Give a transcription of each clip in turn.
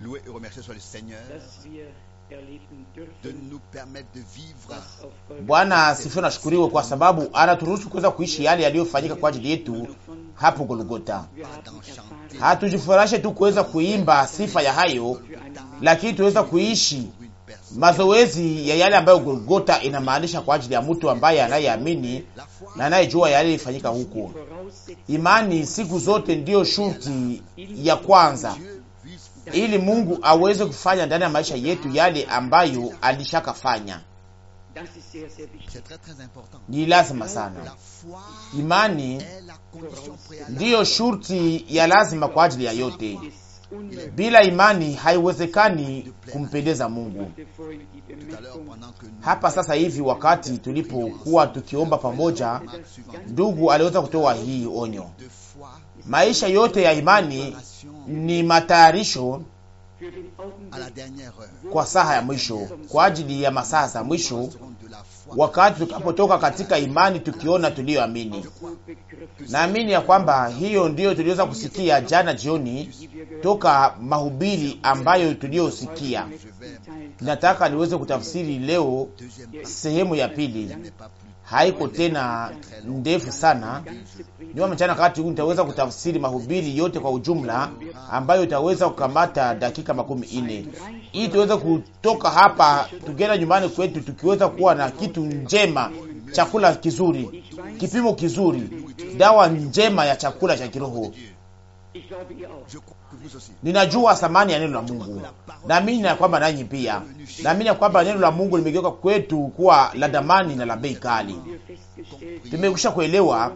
Louer et remercier soit le Seigneur de nous permettre de vivre. Bwana asifiwe, shukuriwe kwa sababu anaturuhusu kuweza kuishi yale yaliyofanyika kwa ajili yetu hapo Golgota. Hatujifurahishe tu kuweza kuimba sifa ya hayo, lakini tuweza kuishi mazoezi ya yale ambayo Golgota inamaanisha kwa ajili ya mtu ambaye anayeamini na anayejua yale ilifanyika huko. Imani siku zote ndiyo shurti ya kwanza ili Mungu aweze kufanya ndani ya maisha yetu yale ambayo alishakafanya. Ni lazima sana. Imani ndiyo shurti ya lazima kwa ajili ya yote. Bila imani haiwezekani kumpendeza Mungu. Hapa sasa hivi, wakati tulipokuwa tukiomba pamoja, ndugu aliweza kutoa hii onyo. Maisha yote ya imani ni matayarisho kwa saha ya mwisho, kwa ajili ya masaa za mwisho wakati tukapotoka katika imani tukiona tuliyoamini. Naamini ya kwamba hiyo ndiyo tuliweza kusikia jana jioni toka mahubiri ambayo tuliyosikia. Nataka niweze kutafsiri leo sehemu ya pili haiko tena ndefu sana. Niwa mchana kati huu nitaweza kutafsiri mahubiri yote kwa ujumla, ambayo itaweza kukamata dakika makumi ine, ili tuweze kutoka hapa tukienda nyumbani kwetu tukiweza kuwa na kitu njema, chakula kizuri, kipimo kizuri, dawa njema ya chakula cha kiroho Ninajua thamani ya neno la Mungu, naamini ya kwamba nanyi pia, naamini ya kwamba neno la Mungu limegeuka kwetu kuwa la damani na la bei kali. Tumekwisha kuelewa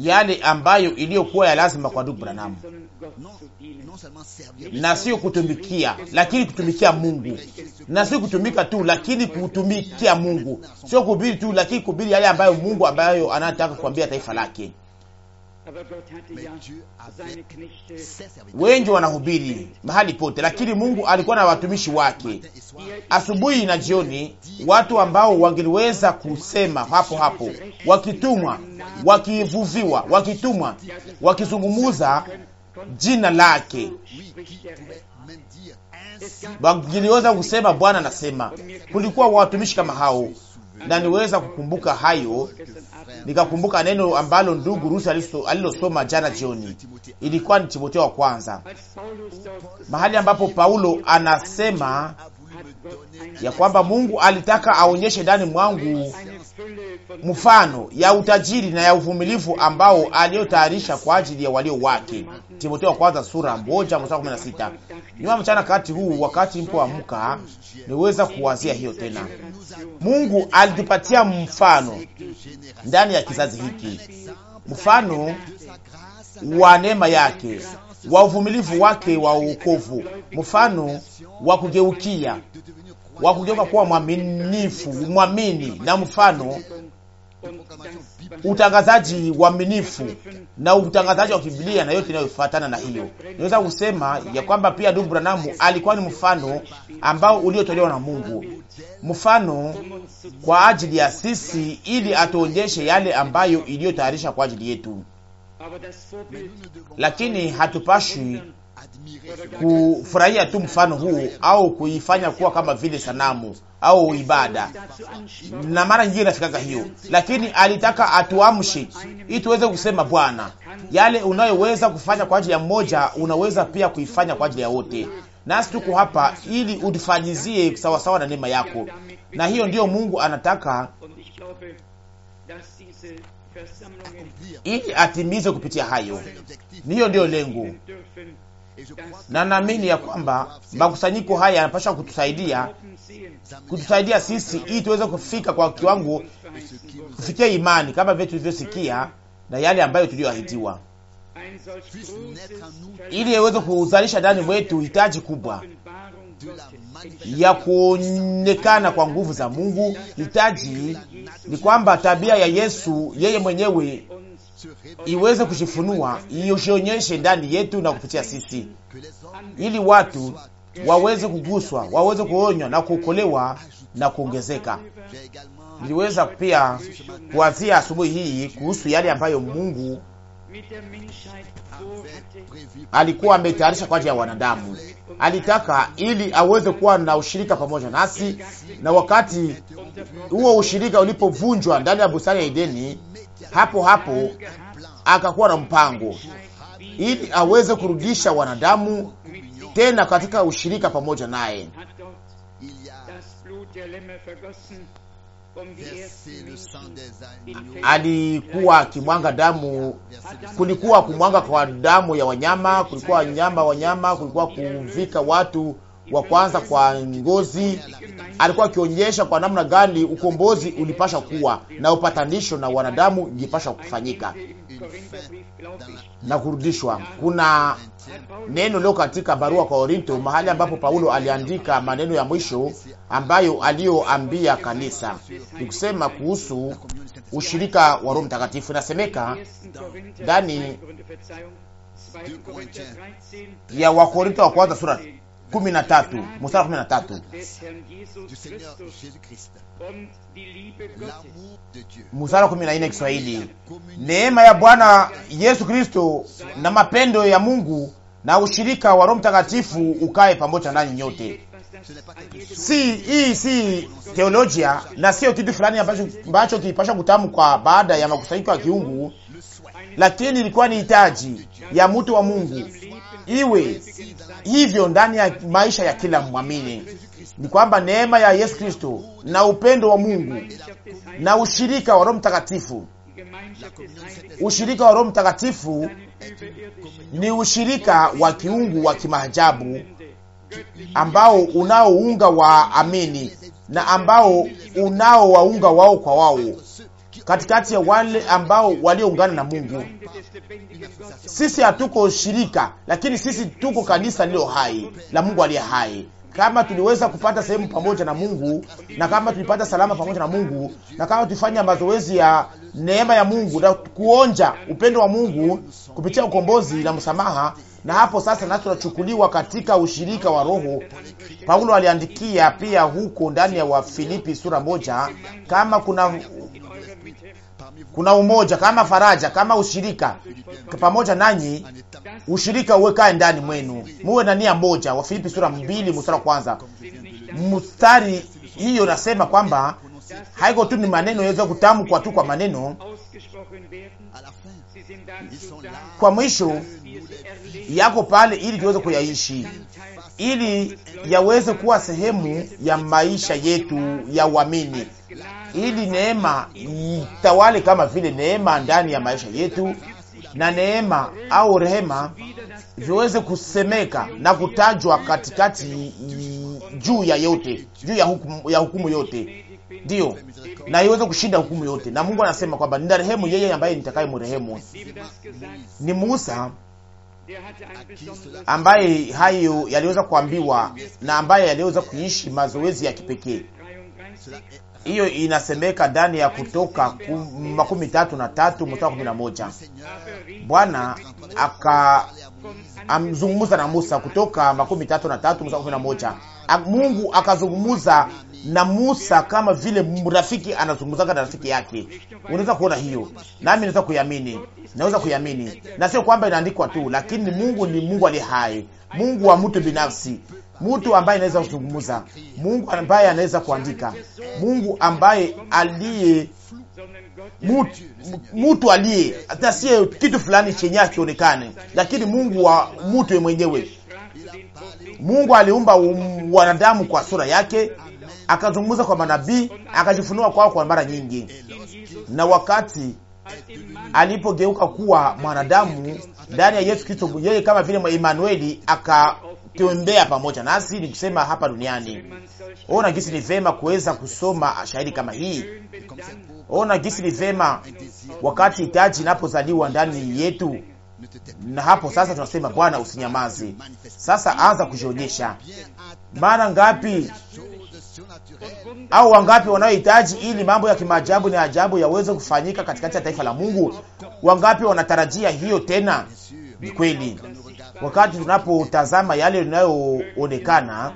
yale ambayo iliyokuwa ya lazima kwa ndugu Branamu, na sio kutumikia, lakini kutumikia Mungu, na sio kutumika tu, lakini kutumikia Mungu, sio kuhubiri tu, lakini kuhubiri yale ambayo Mungu ambayo anataka kuambia taifa lake wengi wanahubiri mahali pote, lakini Mungu alikuwa na watumishi wake asubuhi na jioni, watu ambao wangeliweza kusema hapo hapo, wakitumwa, wakivuviwa, wakitumwa, wakizungumuza jina lake, wangeliweza kusema Bwana anasema. Kulikuwa watumishi kama hao na niweza kukumbuka hayo, nikakumbuka neno ambalo ndugu Rusi alilosoma jana jioni, ilikuwa ni Timotheo wa kwanza, mahali ambapo Paulo anasema ya kwamba Mungu alitaka aonyeshe ndani mwangu mfano ya utajiri na ya uvumilivu ambao aliyotayarisha kwa ajili ya walio wake. Timotheo wa kwanza sura moja mstari sita. Nyuma mchana kati huu, wakati mpo amka, niweza kuwazia hiyo tena. Mungu alitupatia mfano ndani ya kizazi hiki, mfano wa neema yake, wa uvumilivu wake wa uokovu, mfano wa kugeukia wa kugeuka kuwa mwaminifu, mwamini na mfano utangazaji waminifu na utangazaji wa Biblia na yote inayofuatana na hiyo. Niweza kusema ya kwamba pia ndugu Branamu alikuwa ni mfano ambao uliotolewa na Mungu, mfano kwa ajili ya sisi, ili atuonyeshe yale ambayo iliyotayarisha kwa ajili yetu, lakini hatupashwi kufurahia tu mfano huu au kuifanya kuwa kama vile sanamu au ibada, na mara nyingine inafikaga hiyo, lakini alitaka atuamshi ili tuweze kusema Bwana, yale unayoweza kufanya kwa ajili ya mmoja unaweza pia kuifanya kwa ajili ya wote, nasi tuko hapa ili utufanyizie sawasawa na neema yako, na hiyo ndiyo Mungu anataka ili atimize kupitia hayo. hiyo ndiyo lengo na naamini ya kwamba makusanyiko haya yanapaswa kutusaidia kutusaidia sisi ili tuweze kufika kwa kiwango, kufikia imani kama vile tulivyosikia na yale ambayo tuliyoahidiwa, ili yaweze kuzalisha ndani mwetu hitaji kubwa ya kuonekana kwa nguvu za Mungu. Hitaji ni kwamba tabia ya Yesu yeye mwenyewe iweze kujifunua, ijionyeshe ndani yetu na kupitia sisi, ili watu waweze kuguswa, waweze kuonywa na kuokolewa na kuongezeka. Niliweza pia kuanzia asubuhi hii kuhusu yale ambayo Mungu alikuwa ametayarisha kwa ajili ya wanadamu. Alitaka ili aweze kuwa na ushirika pamoja nasi, na wakati huo ushirika ulipovunjwa ndani ya bustani ya Edeni, hapo hapo akakuwa na mpango ili aweze kurudisha wanadamu tena katika ushirika pamoja naye. Alikuwa kimwanga damu, kulikuwa kumwanga kwa damu ya wanyama, kulikuwa nyama wanyama, kulikuwa kuvika watu wa kwanza kwa ngozi alikuwa akionyesha kwa namna gani ukombozi ulipasha kuwa na upatanisho na wanadamu jipasha kufanyika na kurudishwa. Kuna neno leo katika barua kwa Korinto, mahali ambapo Paulo aliandika maneno ya mwisho ambayo aliyoambia kanisa nikusema kuhusu ushirika wa Roho Mtakatifu. Inasemeka ndani ya Wakorinto wa kwanza sura kumi na tatu mstari kumi na tatu mstari kumi na nne Kiswahili, neema ya Bwana Yesu Kristo na mapendo ya Mungu na ushirika wa Roho Mtakatifu ukae pamoja nanyi nyote. Si hii si teolojia na sio kitu fulani ambacho kilipasha kutamkwa baada ya makusanyiko ya kiungu lakini ilikuwa ni hitaji ya mtu wa Mungu iwe hivyo ndani ya maisha ya kila mwamini, ni kwamba neema ya Yesu Kristo na upendo wa Mungu na ushirika wa Roho Mtakatifu, ushirika wa Roho Mtakatifu ni ushirika wa kiungu wa kimaajabu ambao unaounga waamini na ambao unaowaunga wao kwa wao katikati ya wale ambao walioungana na Mungu. Sisi hatuko shirika, lakini sisi tuko kanisa lilo hai la Mungu aliye hai. Kama tuliweza kupata sehemu pamoja na Mungu na kama tulipata salama pamoja na Mungu na kama tulifanya mazoezi ya neema ya Mungu na kuonja upendo wa Mungu kupitia ukombozi na msamaha, na hapo sasa nasi tunachukuliwa katika ushirika wa Roho. Paulo aliandikia pia huko ndani ya Wafilipi sura moja, kama kuna kuna umoja kama faraja kama ushirika pamoja nanyi, ushirika uwekae ndani mwenu, muwe na nia moja. Wafilipi sura mbili mstari wa kwanza mstari hiyo nasema kwamba haiko tu ni maneno yaweza kutamkwa tu kwa maneno, kwa mwisho yako pale, ili tuweze kuyaishi, ili yaweze kuwa sehemu ya maisha yetu ya uamini, ili neema itawale kama vile neema ndani ya maisha yetu, na neema au rehema viweze kusemeka na kutajwa katikati juu ya yote, juu ya hukumu, ya hukumu yote ndiyo, na iweze kushinda hukumu yote. Na Mungu anasema kwamba rehemu yeye ambaye nitakaye murehemu. Ni Musa ambaye hayo yaliweza kuambiwa na ambaye yaliweza kuishi mazoezi ya kipekee. Hiyo inasemeka ndani ya Kutoka makumi tatu na tatu mstari kumi na moja. Bwana aka na Musa, Kutoka makumi tatu na tatu mstari kumi na moja. Mungu akazungumuza na Musa kama vile rafiki anazungumzaka na rafiki yake. Unaweza kuona hiyo, nami naweza kuiamini, naweza kuiamini, na sio kwamba inaandikwa tu, lakini Mungu ni Mungu aliye hai, Mungu wa mtu binafsi, mtu ambaye anaweza kuzungumza, Mungu ambaye anaweza kuandika, Mungu ambaye aliye mutu, aliye hata kitu fulani chenye akionekane, lakini Mungu wa mtu mwenyewe. Mungu aliumba wanadamu kwa sura yake akazungumza kwa manabii, akajifunua kwao kwa mara nyingi, na wakati alipogeuka kuwa mwanadamu ndani ya Yesu Kristo, yeye kama vile Emanueli akatembea pamoja nasi, ni kusema hapa duniani. Ona gisi ni vema kuweza kusoma shahidi kama hii. Ona gisi ni vema wakati hitaji inapozaliwa ndani yetu, na hapo sasa tunasema Bwana, usinyamaze sasa, anza kujionyesha. Mara ngapi au wangapi wanaohitaji ili mambo ya kimaajabu na ajabu yaweze kufanyika katikati ya taifa la Mungu? Wangapi wanatarajia hiyo? Tena ni kweli, wakati tunapotazama yale yanayoonekana,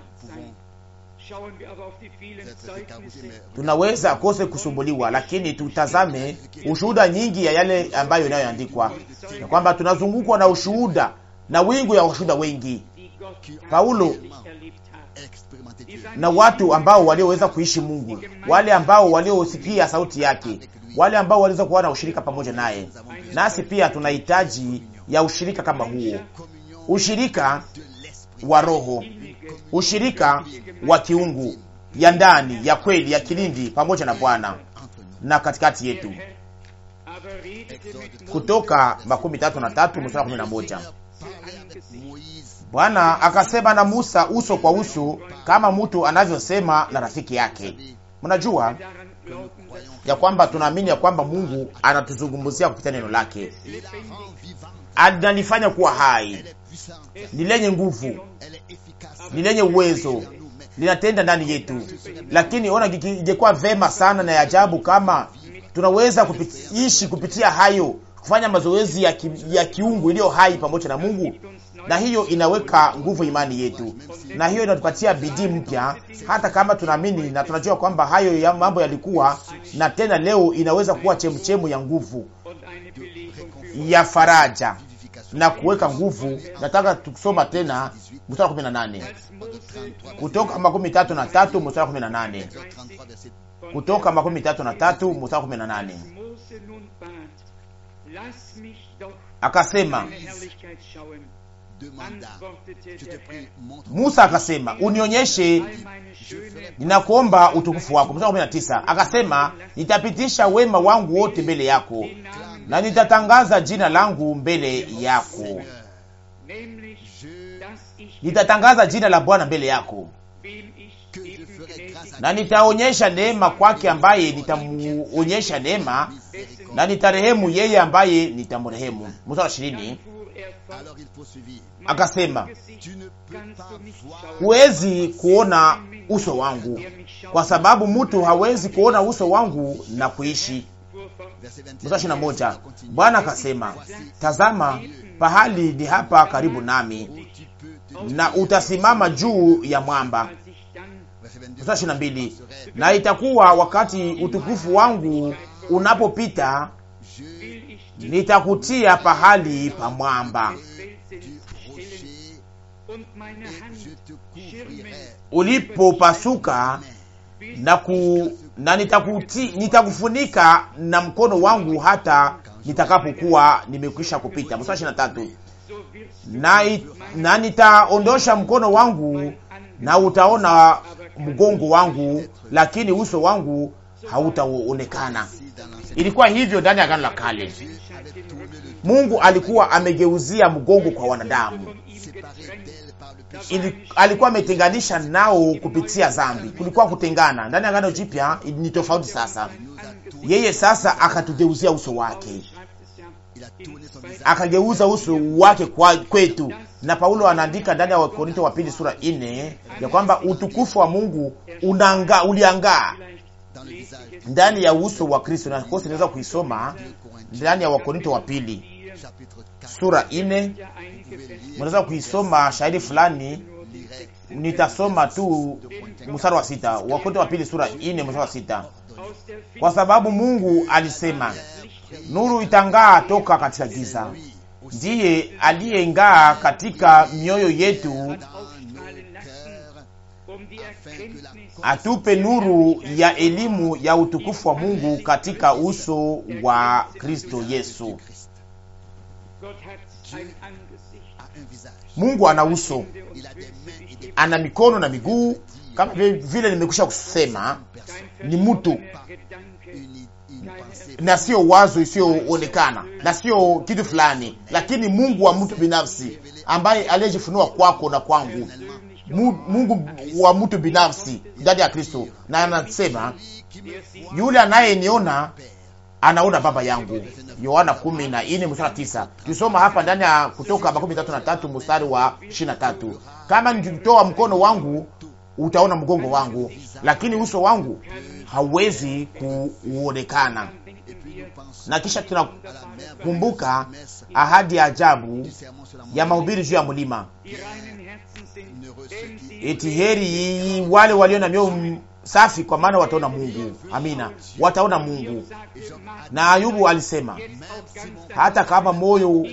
tunaweza kose kusumbuliwa, lakini tutazame ushuhuda nyingi ya yale ambayo inayoandikwa na kwamba tunazungukwa na ushuhuda na wingu ya ushuhuda wengi. Paulo na watu ambao walioweza kuishi Mungu, wale ambao waliosikia sauti yake, wale ambao waliweza kuwa na ushirika pamoja naye. Nasi pia tunahitaji ya ushirika kama huo, ushirika wa roho, ushirika wa kiungu ya ndani ya kweli ya kilindi pamoja na Bwana na katikati yetu. Kutoka makumi tatu na tatu mstari kumi na moja. Bwana akasema na Musa uso kwa uso, kama mtu anavyosema na rafiki yake. Mnajua ya kwamba tunaamini ya kwamba Mungu anatuzungumzia kupitia neno lake, analifanya kuwa hai, ni lenye nguvu, ni lenye uwezo, linatenda ndani yetu. Lakini ona, ingekuwa vema sana na ajabu kama tunaweza kupiti, ishi kupitia hayo, kufanya mazoezi ya, ki, ya kiungu iliyo hai pamoja na Mungu na hiyo inaweka nguvu imani yetu, na hiyo inatupatia bidii mpya, hata kama tunaamini na tunajua kwamba hayo ya mambo yalikuwa na tena leo inaweza kuwa chemchemu ya nguvu ya faraja na kuweka nguvu. Nataka tukusoma tena mstari wa 18 kutoka makumi tatu na tatu mstari wa 18 kutoka makumi tatu na tatu mstari wa 18 akasema Musa akasema unionyeshe, ninakuomba utukufu wako. Mstari kumi na tisa akasema nitapitisha wema wangu wote mbele yako na nitatangaza jina langu mbele yako, nitatangaza jina la Bwana mbele yako na nitaonyesha neema kwake ambaye nitamuonyesha neema na nitarehemu yeye ambaye nitamrehemu. Mstari ishirini Akasema, huwezi kuona uso wangu, kwa sababu mtu hawezi kuona uso wangu na kuishi. Bwana akasema, tazama, pahali ni hapa karibu nami, na utasimama juu ya mwamba. Na itakuwa wakati utukufu wangu unapopita nitakutia pahali pa mwamba, ulipopasuka na, ku, na nitakuti, nitakufunika na mkono wangu hata nitakapokuwa nimekwisha kupita. Mstari ishirini na tatu na, na nitaondosha mkono wangu na utaona mgongo wangu, lakini uso wangu hautaonekana. Ilikuwa hivyo ndani ya gano la Kale. Mungu alikuwa amegeuzia mgongo kwa wanadamu. Ili, alikuwa ametenganisha nao kupitia zambi Kulikuwa kutengana. Ndani ya gano Jipya ni tofauti sasa. Yeye sasa akatugeuzia uso wake, akageuza uso wake kwa kwetu. Na Paulo anaandika ndani ya Wakorinto wa pili sura ine ya kwamba utukufu wa Mungu uliangaa ndani ya uso wa Kristo, na kosi inaweza kuisoma ndani ya Wakorinto wa pili sura ine, mnaweza kuisoma shahidi fulani. Nitasoma tu mstari wa sita, Wakorinto wa pili sura ine mstari wa sita, kwa sababu Mungu alisema nuru itangaa toka katika giza, ndiye aliyeng'aa katika mioyo yetu atupe nuru ya elimu ya utukufu wa Mungu katika uso wa Kristo Yesu. Mungu ana uso, ana mikono na miguu, kama vile nimekwisha kusema, ni mtu na sio wazo isiyoonekana na sio kitu fulani, lakini Mungu wa mtu binafsi ambaye aliyejifunua kwako na kwangu Mungu wa mtu binafsi ndani ya Kristo, na anasema yule anayeniona anaona baba yangu, Yohana 14 mstari Tusoma hapa ndani ya Kutoka makumi tatu na tatu mstari wa 23, kama nikitoa mkono wangu utaona mgongo wangu, lakini uso wangu hauwezi kuonekana. Na kisha tunakumbuka ahadi ya ajabu ya mahubiri juu ya mlima eti heri wale walio na mioyo safi, kwa maana wataona Mungu. Amina, wataona Mungu. Na Ayubu alisema hata kama moyo,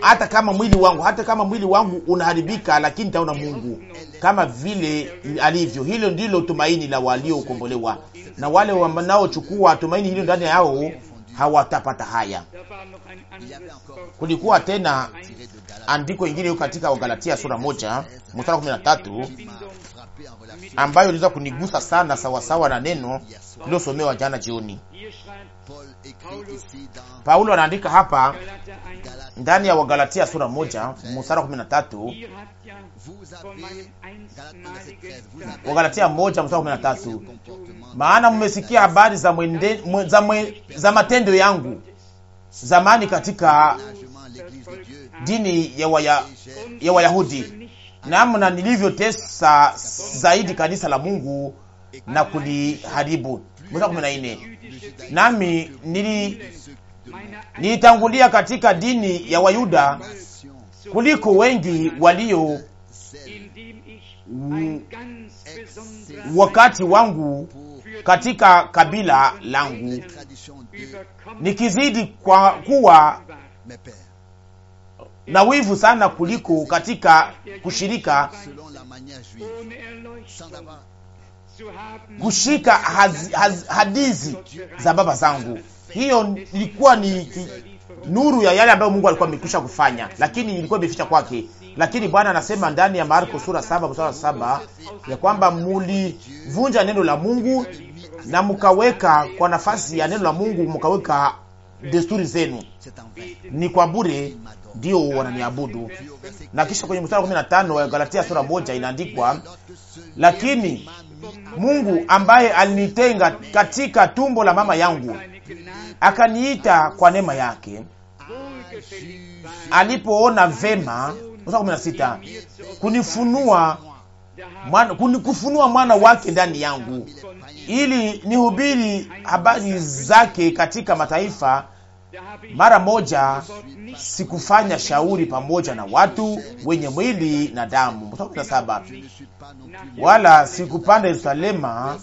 hata kama mwili wangu, hata kama mwili wangu unaharibika, lakini nitaona Mungu kama vile alivyo. Hilo ndilo tumaini la waliokombolewa, na wale wanaochukua tumaini hilo ndani yao hawatapata haya. Kulikuwa tena andiko ingine katika Wagalatia sura moja mstari kumi na tatu ambayo iliweza kunigusa sana sawasawa na neno liliosomewa jana jioni. Paulo anaandika hapa ndani ya Wagalatia sura moja mstari kumi na tatu Wagalatia moja mstari kumi na tatu maana mmesikia habari za, mwende, za, mwe, za matendo yangu zamani katika dini ya waya, ya Wayahudi namna nilivyotesa zaidi kanisa la Mungu na kuliharibu. Mstari kumi na nne nami nili nilitangulia katika dini ya Wayuda kuliko wengi walio wakati wangu katika kabila langu, nikizidi kwa kuwa na wivu sana kuliko katika kushirika kushika hadizi za baba zangu. Hiyo ilikuwa ni nuru ya yale ambayo Mungu alikuwa amekwisha kufanya, lakini ilikuwa imeficha kwake. Lakini Bwana anasema ndani ya Marko sura saba mstari saba ya kwamba mulivunja neno la Mungu na mukaweka kwa nafasi ya neno la Mungu mukaweka desturi zenu, ni kwa bure ndio wananiabudu. Na kisha kwenye mstari na 15 wa Galatia sura moja inaandikwa, lakini Mungu ambaye alinitenga katika tumbo la mama yangu akaniita kwa neema yake, alipoona vema mstari kumi na sita kunifunua mwana, kufunua mwana wake ndani yangu ili nihubiri habari zake katika mataifa. Mara moja sikufanya shauri pamoja na watu wenye mwili na damu. Mstari kumi na saba wala sikupanda Yerusalema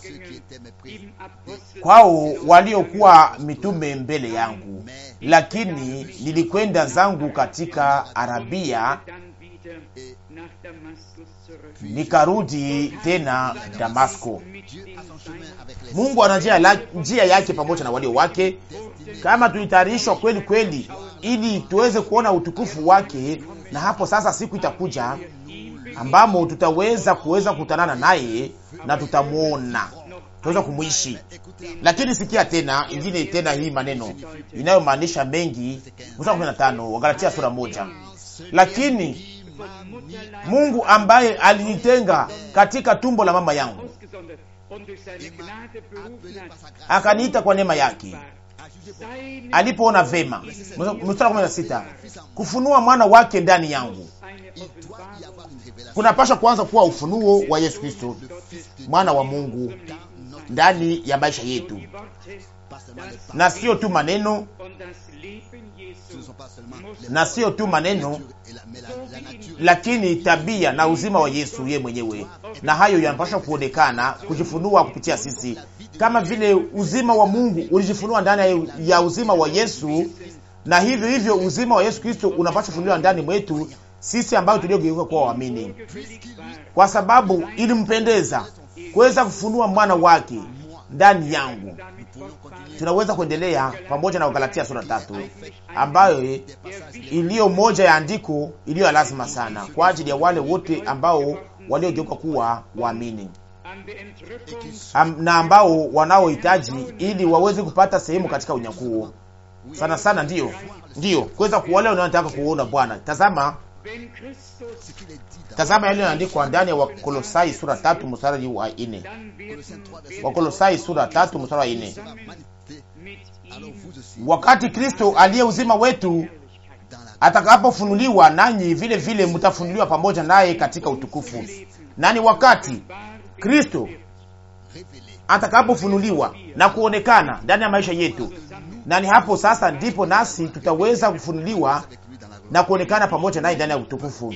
kwao waliokuwa mitume mbele yangu, lakini nilikwenda zangu katika Arabia nikarudi tena Damasko. Mungu ana njia, njia yake pamoja na walio wake, kama tulitayarishwa kweli kweli ili tuweze kuona utukufu wake. Na hapo sasa siku itakuja ambamo tutaweza kuweza kukutanana naye na tutamwona, tuweza kumwishi. Lakini sikia tena ingine tena hii maneno inayomaanisha mengi, wagalatia sura moja, lakini Mungu ambaye alinitenga katika tumbo la mama yangu akaniita kwa neema yake alipoona vema. Mstari kumi na sita, kufunua mwana wake ndani yangu. Kunapasha kwanza kuwa ufunuo wa Yesu Kristo mwana wa Mungu ndani ya maisha yetu, na sio tu maneno na sio tu maneno, lakini tabia na uzima wa Yesu ye mwenyewe, na hayo yanapaswa kuonekana, kujifunua kupitia sisi, kama vile uzima wa Mungu ulijifunua ndani ya uzima wa Yesu, na hivyo hivyo uzima wa Yesu Kristo unapaswa kufunuliwa ndani mwetu sisi ambayo tuliogeuka kuwa waamini, kwa sababu ilimpendeza kuweza kufunua mwana wake ndani yangu tunaweza kuendelea pamoja na Wagalatia sura tatu ambayo iliyo moja ya andiko iliyo lazima sana kwa ajili ya wale wote ambao waliogeuka kuwa waamini Am, na ambao wanaohitaji ili waweze kupata sehemu katika unyakuo sana sana, ndiyo ndio kuweza kuwalea wanaotaka kuona Bwana. Tazama Tazama yale yanaandikwa ndani ya Wakolosai sura tatu mstari wa nne. Wakolosai sura tatu mstari wa nne. Wakati Kristo aliye uzima wetu atakapofunuliwa, nanyi vile vile mtafunuliwa pamoja naye katika utukufu. Nani? Wakati Kristo atakapofunuliwa na kuonekana ndani ya maisha yetu, nani? Hapo sasa ndipo nasi tutaweza kufunuliwa na kuonekana pamoja naye ndani ya utukufu.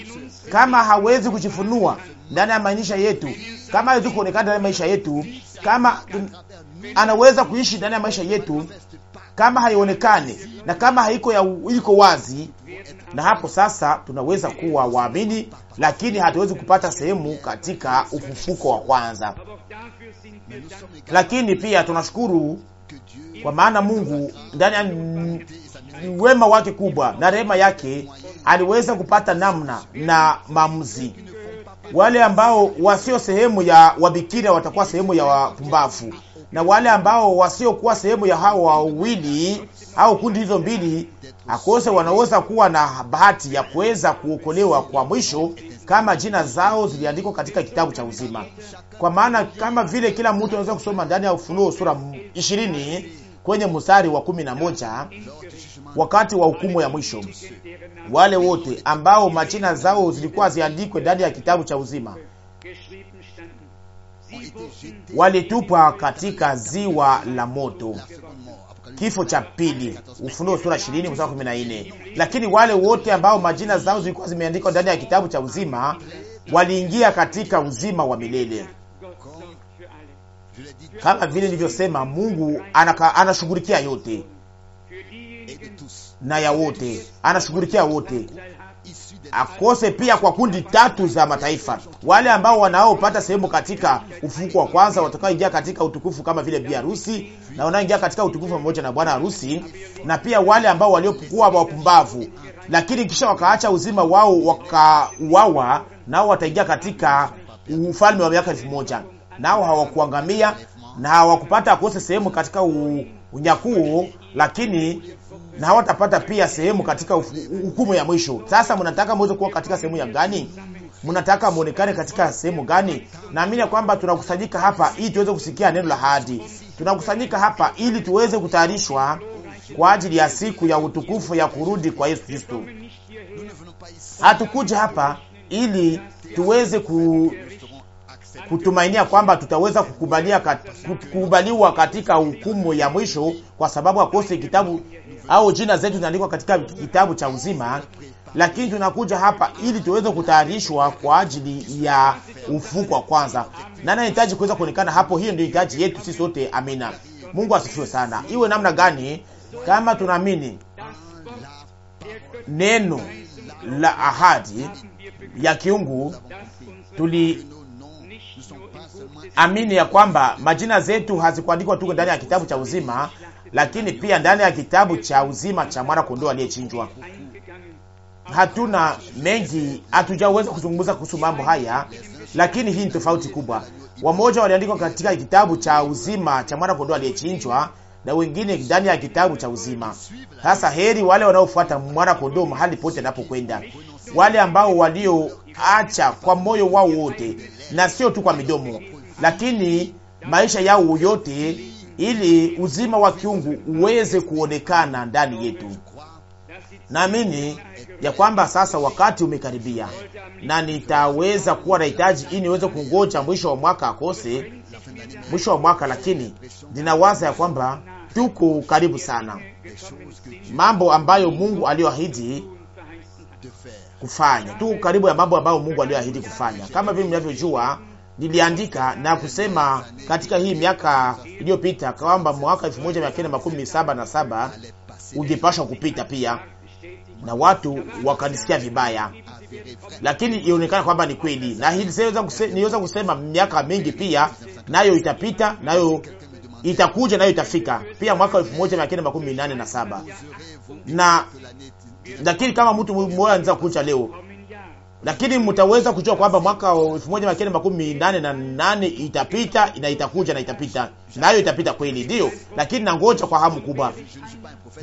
Kama hawezi kujifunua ndani ya maisha yetu, kama hawezi kuonekana ndani ya maisha yetu, kama anaweza kuishi ndani ya maisha yetu, kama haionekane na kama haiko ya iko wazi, na hapo sasa tunaweza kuwa waamini, lakini hatuwezi kupata sehemu katika ufufuko wa kwanza. Lakini pia tunashukuru kwa maana Mungu ndani ya wema wake kubwa na rehema yake aliweza kupata namna na maamuzi. Wale ambao wasio sehemu ya wabikira watakuwa sehemu ya wapumbavu, na wale ambao wasiokuwa sehemu ya hao wawili au kundi hizo mbili akose wanaweza kuwa na bahati ya kuweza kuokolewa kwa mwisho, kama jina zao ziliandikwa katika kitabu cha uzima. Kwa maana kama vile kila mtu anaweza kusoma ndani ya Ufunuo sura 20 kwenye mstari wa 11 wakati wa hukumu ya mwisho. Wale wote ambao majina zao zilikuwa ziandikwe ndani ya kitabu cha uzima walitupwa katika ziwa la moto, kifo cha pili, Ufunuo sura 20 mstari 14. Lakini wale wote ambao majina zao zilikuwa zimeandikwa ndani ya kitabu cha uzima waliingia katika uzima wa milele. Kama vile nilivyosema, Mungu anashughulikia yote na ya wote, anashughulikia wote, akose pia kwa kundi tatu za mataifa, wale ambao wanaopata sehemu katika ufuku wa kwanza, watakaoingia katika utukufu kama vile bi harusi, na wanaoingia katika utukufu pamoja na bwana harusi, na pia wale ambao waliokuwa wapumbavu, lakini kisha wakaacha uzima wao wakauawa, nao wataingia katika ufalme wa miaka elfu moja. Nao hawakuangamia na hawakupata akose sehemu katika unyakuo lakini na hawatapata pia sehemu katika hukumu ya mwisho. Sasa mnataka mweze kuwa katika sehemu ya gani? Mnataka muonekane katika sehemu gani? Naamini kwamba tunakusanyika hapa ili tuweze kusikia neno la hadi. Tunakusanyika hapa ili tuweze kutayarishwa kwa ajili ya siku ya utukufu ya kurudi kwa Yesu Kristo. Hatukuja hapa ili tuweze ku kutumainia kwamba tutaweza kukubalia kat, kukubaliwa katika hukumu ya mwisho, kwa sababu akose kitabu au jina zetu zinaandikwa katika kitabu cha uzima. Lakini tunakuja hapa ili tuweze kutayarishwa kwa ajili ya ufuko wa kwanza, na anahitaji kuweza kuonekana hapo. Hiyo ndio hitaji yetu sisi sote. Amina. Mungu asifiwe sana. Iwe namna gani, kama tunaamini neno la ahadi ya kiungu tuli amini ya kwamba majina zetu hazikuandikwa tu ndani ya kitabu cha uzima, lakini pia ndani ya kitabu cha uzima cha mwana kondoo aliyechinjwa. Hatuna mengi, hatujaweza kuzungumza kuhusu mambo haya, lakini hii ni tofauti kubwa. Wamoja waliandikwa katika kitabu cha uzima cha mwana kondoo aliyechinjwa na wengine ndani ya kitabu cha uzima. Hasa heri wale wanaofuata mwana kondoo mahali pote anapokwenda wale ambao walioacha kwa moyo wao wote na sio tu kwa midomo, lakini maisha yao yote, ili uzima wa kiungu uweze kuonekana ndani yetu. Naamini ya kwamba sasa wakati umekaribia, na nitaweza kuwa nahitaji ili niweze kungoja mwisho wa mwaka akose mwisho wa mwaka, lakini ninawaza ya kwamba tuko karibu sana mambo ambayo Mungu aliyoahidi kufanya tu karibu ya mambo ambayo Mungu aliyoahidi kufanya. Kama vile mnavyojua, niliandika na kusema katika hii miaka iliyopita kwamba mwaka 1977 ungepashwa kupita pia, na watu wakanisikia vibaya, lakini ionekana kwamba ni kweli, na niweza kusema, kusema miaka mingi pia nayo itapita, nayo itakuja, nayo itafika pia mwaka 1987 na lakini kama mtu mmoja anaweza kucha leo, lakini mtaweza kujua kwamba mwaka 1988 na nane itapita na itakuja na itapita nayo itapita kweli, ndio. Lakini nangoja kwa hamu kubwa.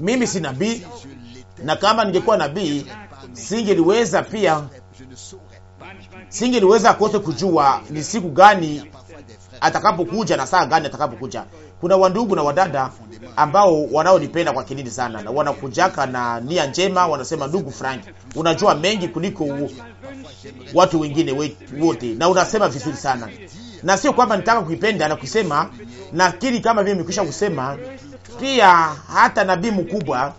Mimi si nabii, na kama ningekuwa nabii singeliweza pia, singeliweza kote kujua ni siku gani atakapokuja na saa gani atakapokuja. Kuna wandugu na wadada ambao wanaonipenda kwa kinini sana na wanakujaka na nia njema, wanasema ndugu Frank, unajua mengi kuliko u... watu wengine wote, na unasema vizuri sana, na sio kwamba nitaka kuipenda na kusema, lakini kama vile nimekwisha kusema pia, hata nabii mkubwa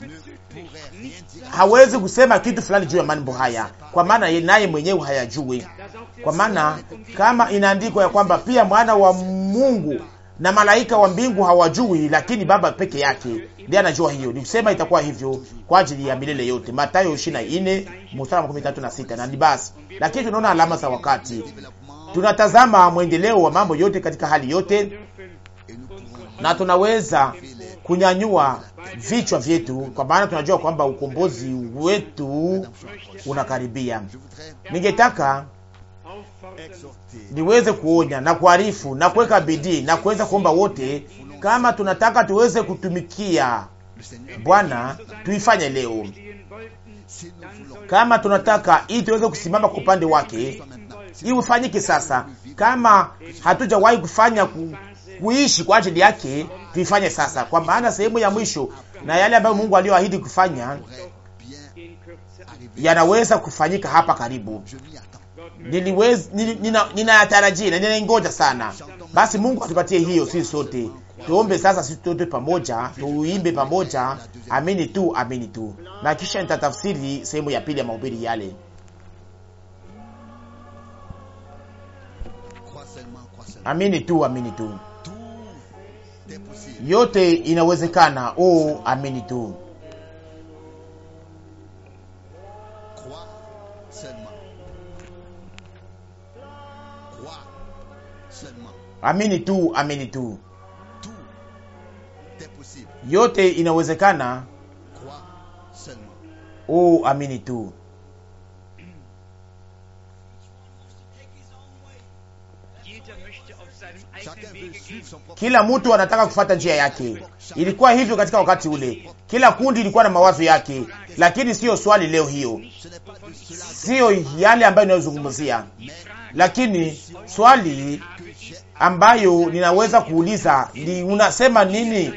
hawezi kusema kitu fulani juu ya mambo haya, kwa maana naye mwenyewe hayajui, kwa maana kama inaandikwa ya kwamba pia mwana wa Mungu na malaika wa mbingu hawajui, lakini Baba peke yake ndiye anajua hiyo. Ni kusema itakuwa hivyo kwa ajili ya milele yote, Mathayo 24 mstari 13 na 6. Na ni basi, lakini tunaona alama za wakati, tunatazama mwendeleo wa mambo yote katika hali yote, na tunaweza kunyanyua vichwa vyetu, kwa maana tunajua kwamba ukombozi wetu unakaribia. Ningetaka niweze kuonya na kuarifu na kuweka bidii na kuweza kuomba wote, kama tunataka tuweze kutumikia Bwana, tuifanye leo kama tunataka ili tuweze kusimama kwa upande wake, iwe ufanyike sasa. Kama hatujawahi kufanya ku, kuishi kwa ajili yake, tuifanye sasa, kwa maana sehemu ya mwisho na yale ambayo Mungu aliyoahidi kufanya yanaweza kufanyika hapa karibu niliweza ninayatarajia nina na ninaingoja sana. Basi Mungu atupatie hiyo sisi sote. Tuombe sasa sisi sote pamoja, tuimbe pamoja, amini tu, amini tu, na kisha nitatafsiri sehemu ya pili ya mahubiri yale. Amini tu, amini tu, yote inawezekana. Oh, amini tu. Amini tu, amini tu, yote inawezekana. Oh, amini tu. Kila mtu anataka kufata njia yake. Ilikuwa hivyo katika wakati ule, kila kundi ilikuwa na mawazo yake, lakini siyo swali leo hiyo, siyo yale ambayo inayozungumzia, lakini swali ambayo ninaweza kuuliza ni unasema nini?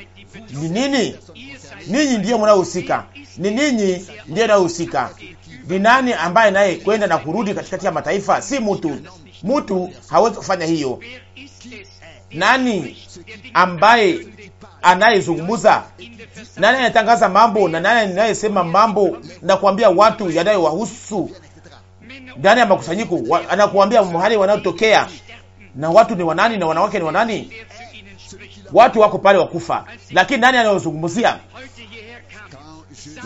Ni nini? Ninyi ndiyo mnaohusika, ni ninyi ndiye nayohusika Ni nani ambaye naye kwenda na kurudi katikati ya mataifa? Si mtu, mtu hawezi kufanya hiyo. Nani ambaye anayezungumza? Nani anayetangaza mambo? Na nani anayesema mambo na kuambia watu yanayowahusu ndani ya makusanyiko? Anakuambia mahali wanayotokea na watu ni wanani na wanawake ni wanani? Watu wako pale wakufa, lakini nani anayozungumzia?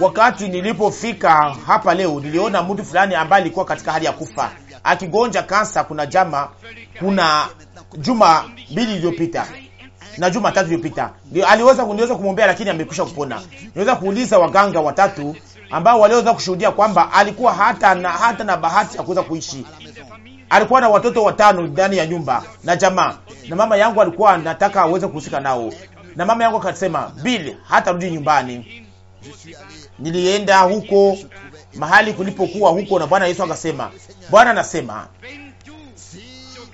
Wakati nilipofika hapa leo, niliona mtu fulani ambaye alikuwa katika hali ya kufa akigonja kansa, kuna jama, kuna juma mbili iliyopita na juma tatu iliyopita aliweza kuniweza kumwombea, lakini amekwisha kupona. Niweza kuuliza waganga watatu ambao waliweza kushuhudia kwamba alikuwa hata na hata na bahati ya kuweza kuishi, alikuwa na watoto watano ndani ya nyumba na jamaa, na mama yangu alikuwa anataka aweze kuhusika nao, na mama yangu akasema Bill hatarudi nyumbani. Nilienda huko mahali kulipokuwa huko, na Bwana Yesu akasema, Bwana anasema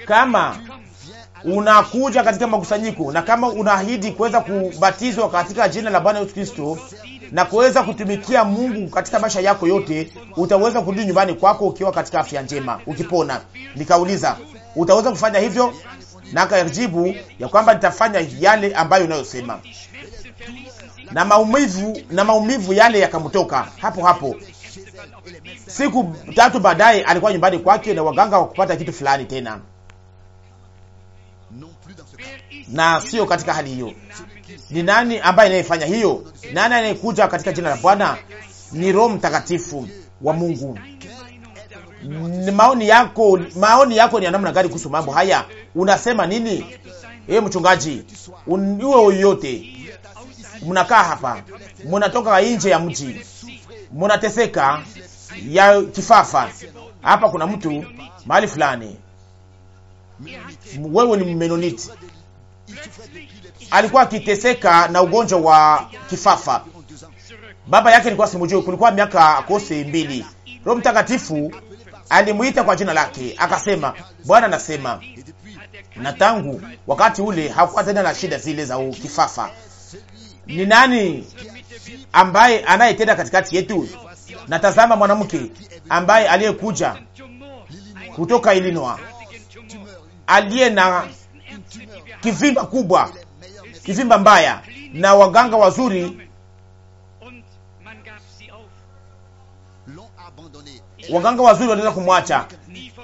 kama unakuja katika makusanyiko, na kama unaahidi kuweza kubatizwa katika jina la Bwana Yesu Kristo na kuweza kutumikia Mungu katika maisha yako yote, utaweza kurudi nyumbani kwako ukiwa katika afya njema, ukipona. Nikauliza, utaweza kufanya hivyo? Na akajibu ya kwamba nitafanya yale ambayo unayosema. Na maumivu na maumivu yale yakamtoka hapo hapo. Siku tatu baadaye alikuwa nyumbani kwake na waganga wakupata kitu fulani tena na sio katika hali hiyo. Ni nani ambaye anayefanya hiyo? Nani anayekuja katika jina la Bwana? Ni Roho Mtakatifu wa Mungu. Maoni yako, maoni yako ni ya namna gani kuhusu mambo haya? Unasema nini? E mchungaji, uwe yote, mnakaa hapa, mnatoka nje ya mji, mnateseka ya kifafa. Hapa kuna mtu mahali fulani, wewe ni Mmenoniti, alikuwa akiteseka na ugonjwa wa kifafa. Baba yake alikuwa simujui, kulikuwa miaka kose mbili. Roho Mtakatifu alimuita kwa jina lake akasema, Bwana anasema. Na tangu wakati ule hakuwa tena na shida zile za kifafa. Ni nani ambaye anayetenda katikati yetu? Natazama mwanamke ambaye aliyekuja kutoka Illinois aliye na kivimba kubwa, kivimba mbaya, na waganga wazuri, waganga wazuri waliweza kumwacha,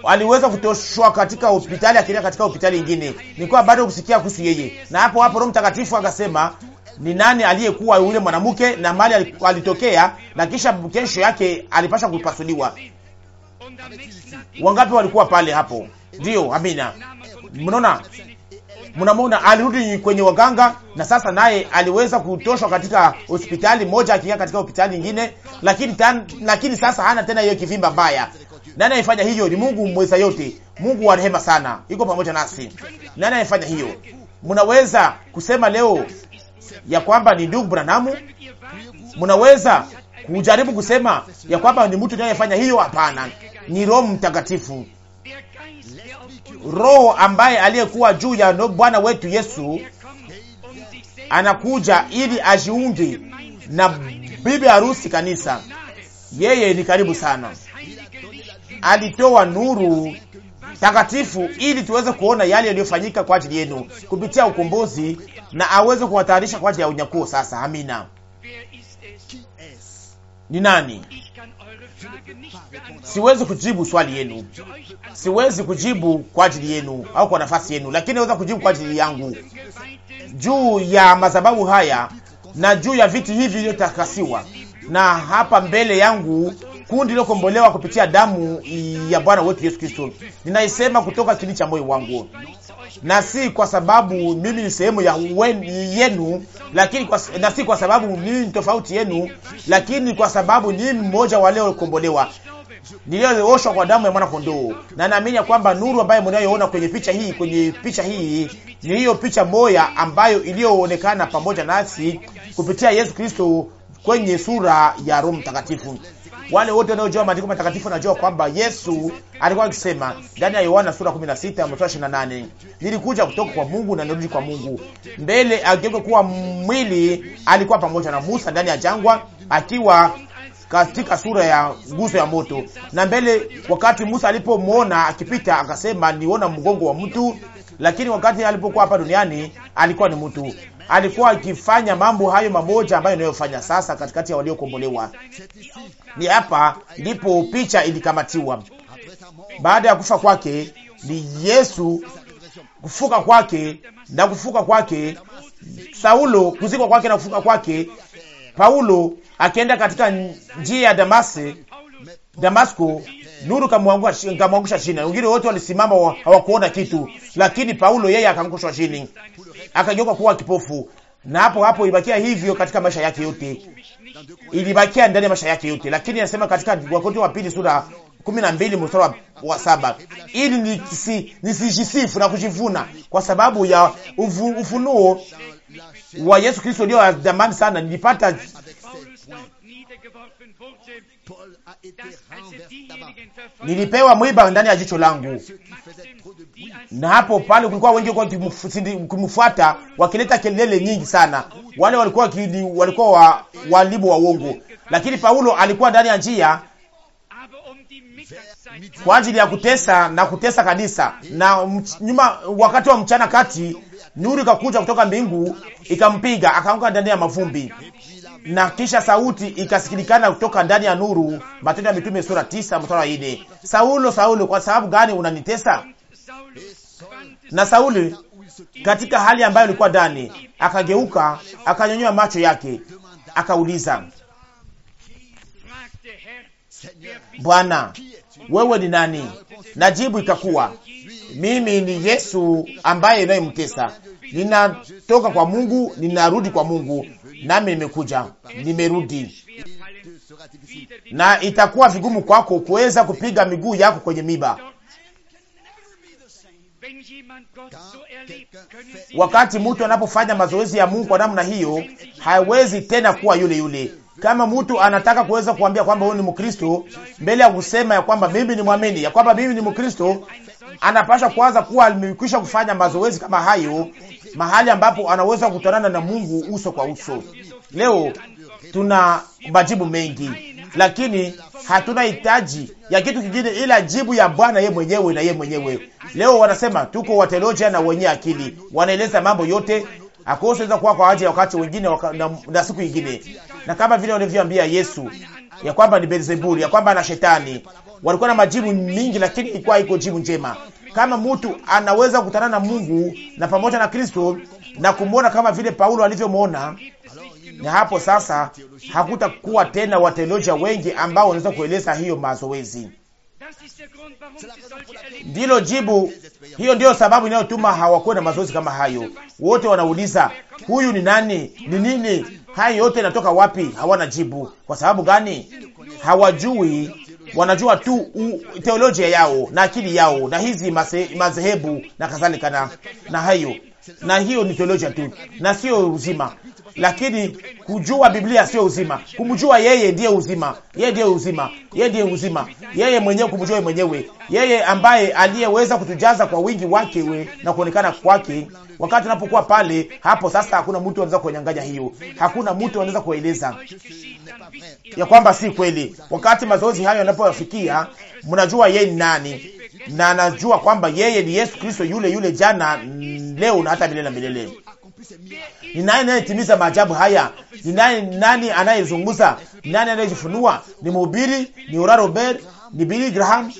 aliweza kutoshwa katika hospitali akienda katika hospitali ingine. Nilikuwa bado kusikia kuhusu yeye, na hapo hapo Roho Mtakatifu akasema ni nani aliyekuwa yule mwanamke na mali alitokea, na kisha kesho yake alipasha kupasuliwa. Wangapi walikuwa pale hapo? Ndio, amina. Mnaona mnamona, alirudi kwenye waganga na sasa naye aliweza kutoshwa katika hospitali moja akiingia katika hospitali nyingine, lakini tan, lakini sasa hana tena hiyo kivimba mbaya. Nani anayefanya hiyo? Ni Mungu mweza yote, Mungu wa rehema sana, iko pamoja nasi. Nani anayefanya hiyo? Mnaweza kusema leo ya kwamba ni ndugu Branham, mnaweza kujaribu kusema ya kwamba ni mtu anayefanya hiyo. Hapana, ni Roho Mtakatifu. Roho ambaye aliyekuwa juu ya Bwana wetu Yesu anakuja ili ajiunge na bibi harusi kanisa. Yeye ni karibu sana, alitoa nuru takatifu ili tuweze kuona yale yaliyofanyika kwa ajili yenu kupitia ukombozi na aweze kuwatayarisha kwa ajili ya unyakuo. Sasa amina. Ni nani Siwezi kujibu swali yenu, siwezi kujibu kwa ajili yenu au kwa nafasi yenu, lakini naweza kujibu kwa ajili yangu juu ya madhabahu haya na juu ya viti hivi vilivyotakasiwa, na hapa mbele yangu kundi lilokombolewa kupitia damu ya Bwana wetu Yesu Kristo. Ninaisema kutoka kini cha moyo wangu, na si kwa sababu mimi ni sehemu ya yenu, lakini kwa, na si kwa sababu mimi ni tofauti yenu, lakini kwa sababu ni mmoja wale waliokombolewa, niliyooshwa kwa damu ya mwana kondoo, na naamini kwamba nuru ambayo mnayoona kwenye picha hii, kwenye picha hii ni hiyo picha moya ambayo iliyoonekana pamoja nasi kupitia Yesu Kristo kwenye sura ya Roho Mtakatifu. Wale wote wanaojua maandiko matakatifu wanajua kwamba Yesu alikuwa akisema ndani ya Yohana sura 16 mstari 28, nilikuja kutoka kwa Mungu na nirudi kwa Mungu. Mbele ageuke kuwa mwili, alikuwa pamoja na Musa ndani ya jangwa akiwa katika sura ya nguzo ya moto. Na mbele wakati Musa alipomwona akipita akasema niona mgongo wa mtu, lakini wakati alipokuwa hapa duniani alikuwa ni mtu alikuwa akifanya mambo hayo mamoja ambayo inayofanya sasa katikati ya waliokombolewa. Ni hapa ndipo picha ilikamatiwa baada ya kufa kwake, ni Yesu kufuka kwake na kufuka kwake, Saulo kuzikwa kwake na kufuka kwake, Paulo akienda katika njia ya Damasi, Damasko, nuru kamwangusha chini. Wengine wote walisimama hawakuona kitu, lakini Paulo yeye akaangushwa chini akageuka kuwa kipofu, na hapo hapo ilibakia hivyo katika maisha yake yote, ilibakia ndani ya maisha yake yote. Lakini anasema katika Wakorintho wa pili sura 12 mstari wa saba, ili nisijisifu na kujivuna kwa sababu ya ufu, ufunuo wa Yesu Kristo ulio wa sana nilipata nilipewa mwiba ndani ya jicho langu, na hapo pale kulikuwa wengi kumfuata wakileta kelele nyingi sana. Wale walikuwa walikuwa wa, walibu wa uongo, lakini Paulo alikuwa ndani ya njia kwa ajili ya kutesa na kutesa kanisa, na nyuma, wakati wa mchana kati, nuru ikakuja kutoka mbingu ikampiga, akaanguka ndani ya mavumbi, na kisha sauti ikasikilikana kutoka ndani ya nuru. Matendo ya Mitume sura 9 mstari wa Saulo, Saulo, kwa sababu gani unanitesa? na Sauli katika hali ambayo ilikuwa ndani, akageuka akanyonyoa macho yake, akauliza Bwana, wewe ni nani? Na jibu ikakuwa mimi ni Yesu ambaye inayemtesa. Ninatoka kwa Mungu, ninarudi kwa Mungu, nami nimekuja, nimerudi. Na itakuwa vigumu kwako kuweza kupiga miguu yako kwenye miba Wakati mtu anapofanya mazoezi ya Mungu kwa namna hiyo, hawezi tena kuwa yule yule. Kama mtu anataka kuweza kuambia kwamba huyu ni Mkristo mbele ya kusema ya kwamba mimi ni mwamini, ya kwamba mimi ni Mkristo, anapaswa kwanza kuwa alimekwisha kufanya mazoezi kama hayo, mahali ambapo anaweza kutanana na Mungu uso kwa uso. Leo tuna majibu mengi lakini hatuna hitaji ya kitu kingine ila jibu ya Bwana ye mwenyewe na ye mwenyewe. Leo wanasema tuko watelojia na wenye akili, wanaeleza mambo yote akosoweza kuwa kwa ajili ya wakati wengine waka, na, na siku ingine, na kama vile walivyoambia Yesu ya kwamba ni Beelzebuli, ya kwamba ana shetani. Walikuwa na majibu mingi, lakini ilikuwa iko jibu njema. Kama mtu anaweza kukutana na Mungu na pamoja na Kristo na kumwona kama vile Paulo alivyomwona na hapo sasa hakutakuwa tena wateolojia wengi ambao wanaweza kueleza hiyo mazoezi. Ndilo jibu, hiyo ndiyo sababu inayotuma hawakuwa na mazoezi kama hayo. Wote wanauliza huyu ni nani, ni nini, hayo yote inatoka wapi? Hawana jibu. Kwa sababu gani? Hawajui. Wanajua tu teolojia yao na akili yao na hizi madhehebu na kadhalika na, na hayo na hiyo ni teolojia tu na sio uzima lakini kujua Biblia sio uzima. Kumjua yeye ndiye uzima, yeye ndiye uzima, yeye ndiye uzima, yeye mwenyewe, kumjua yeye mwenyewe, yeye ambaye aliyeweza kutujaza kwa wingi wake we na kuonekana kwake. Wakati napokuwa pale hapo sasa, hakuna mtu anaweza kunyang'anya hiyo, hakuna mtu anaweza kueleza ya kwamba si kweli. Wakati mazoezi hayo yanapofikia, mnajua yeye ni nani na anajua kwamba yeye ni Yesu Kristo yule yule, jana leo na hata milele na milele. Ni nani anayetimiza maajabu haya? Ni nani, nani anayezunguza? Ni nani anayejifunua? Ni mhubiri? Ni Ora Robert? Ni Billy Graham?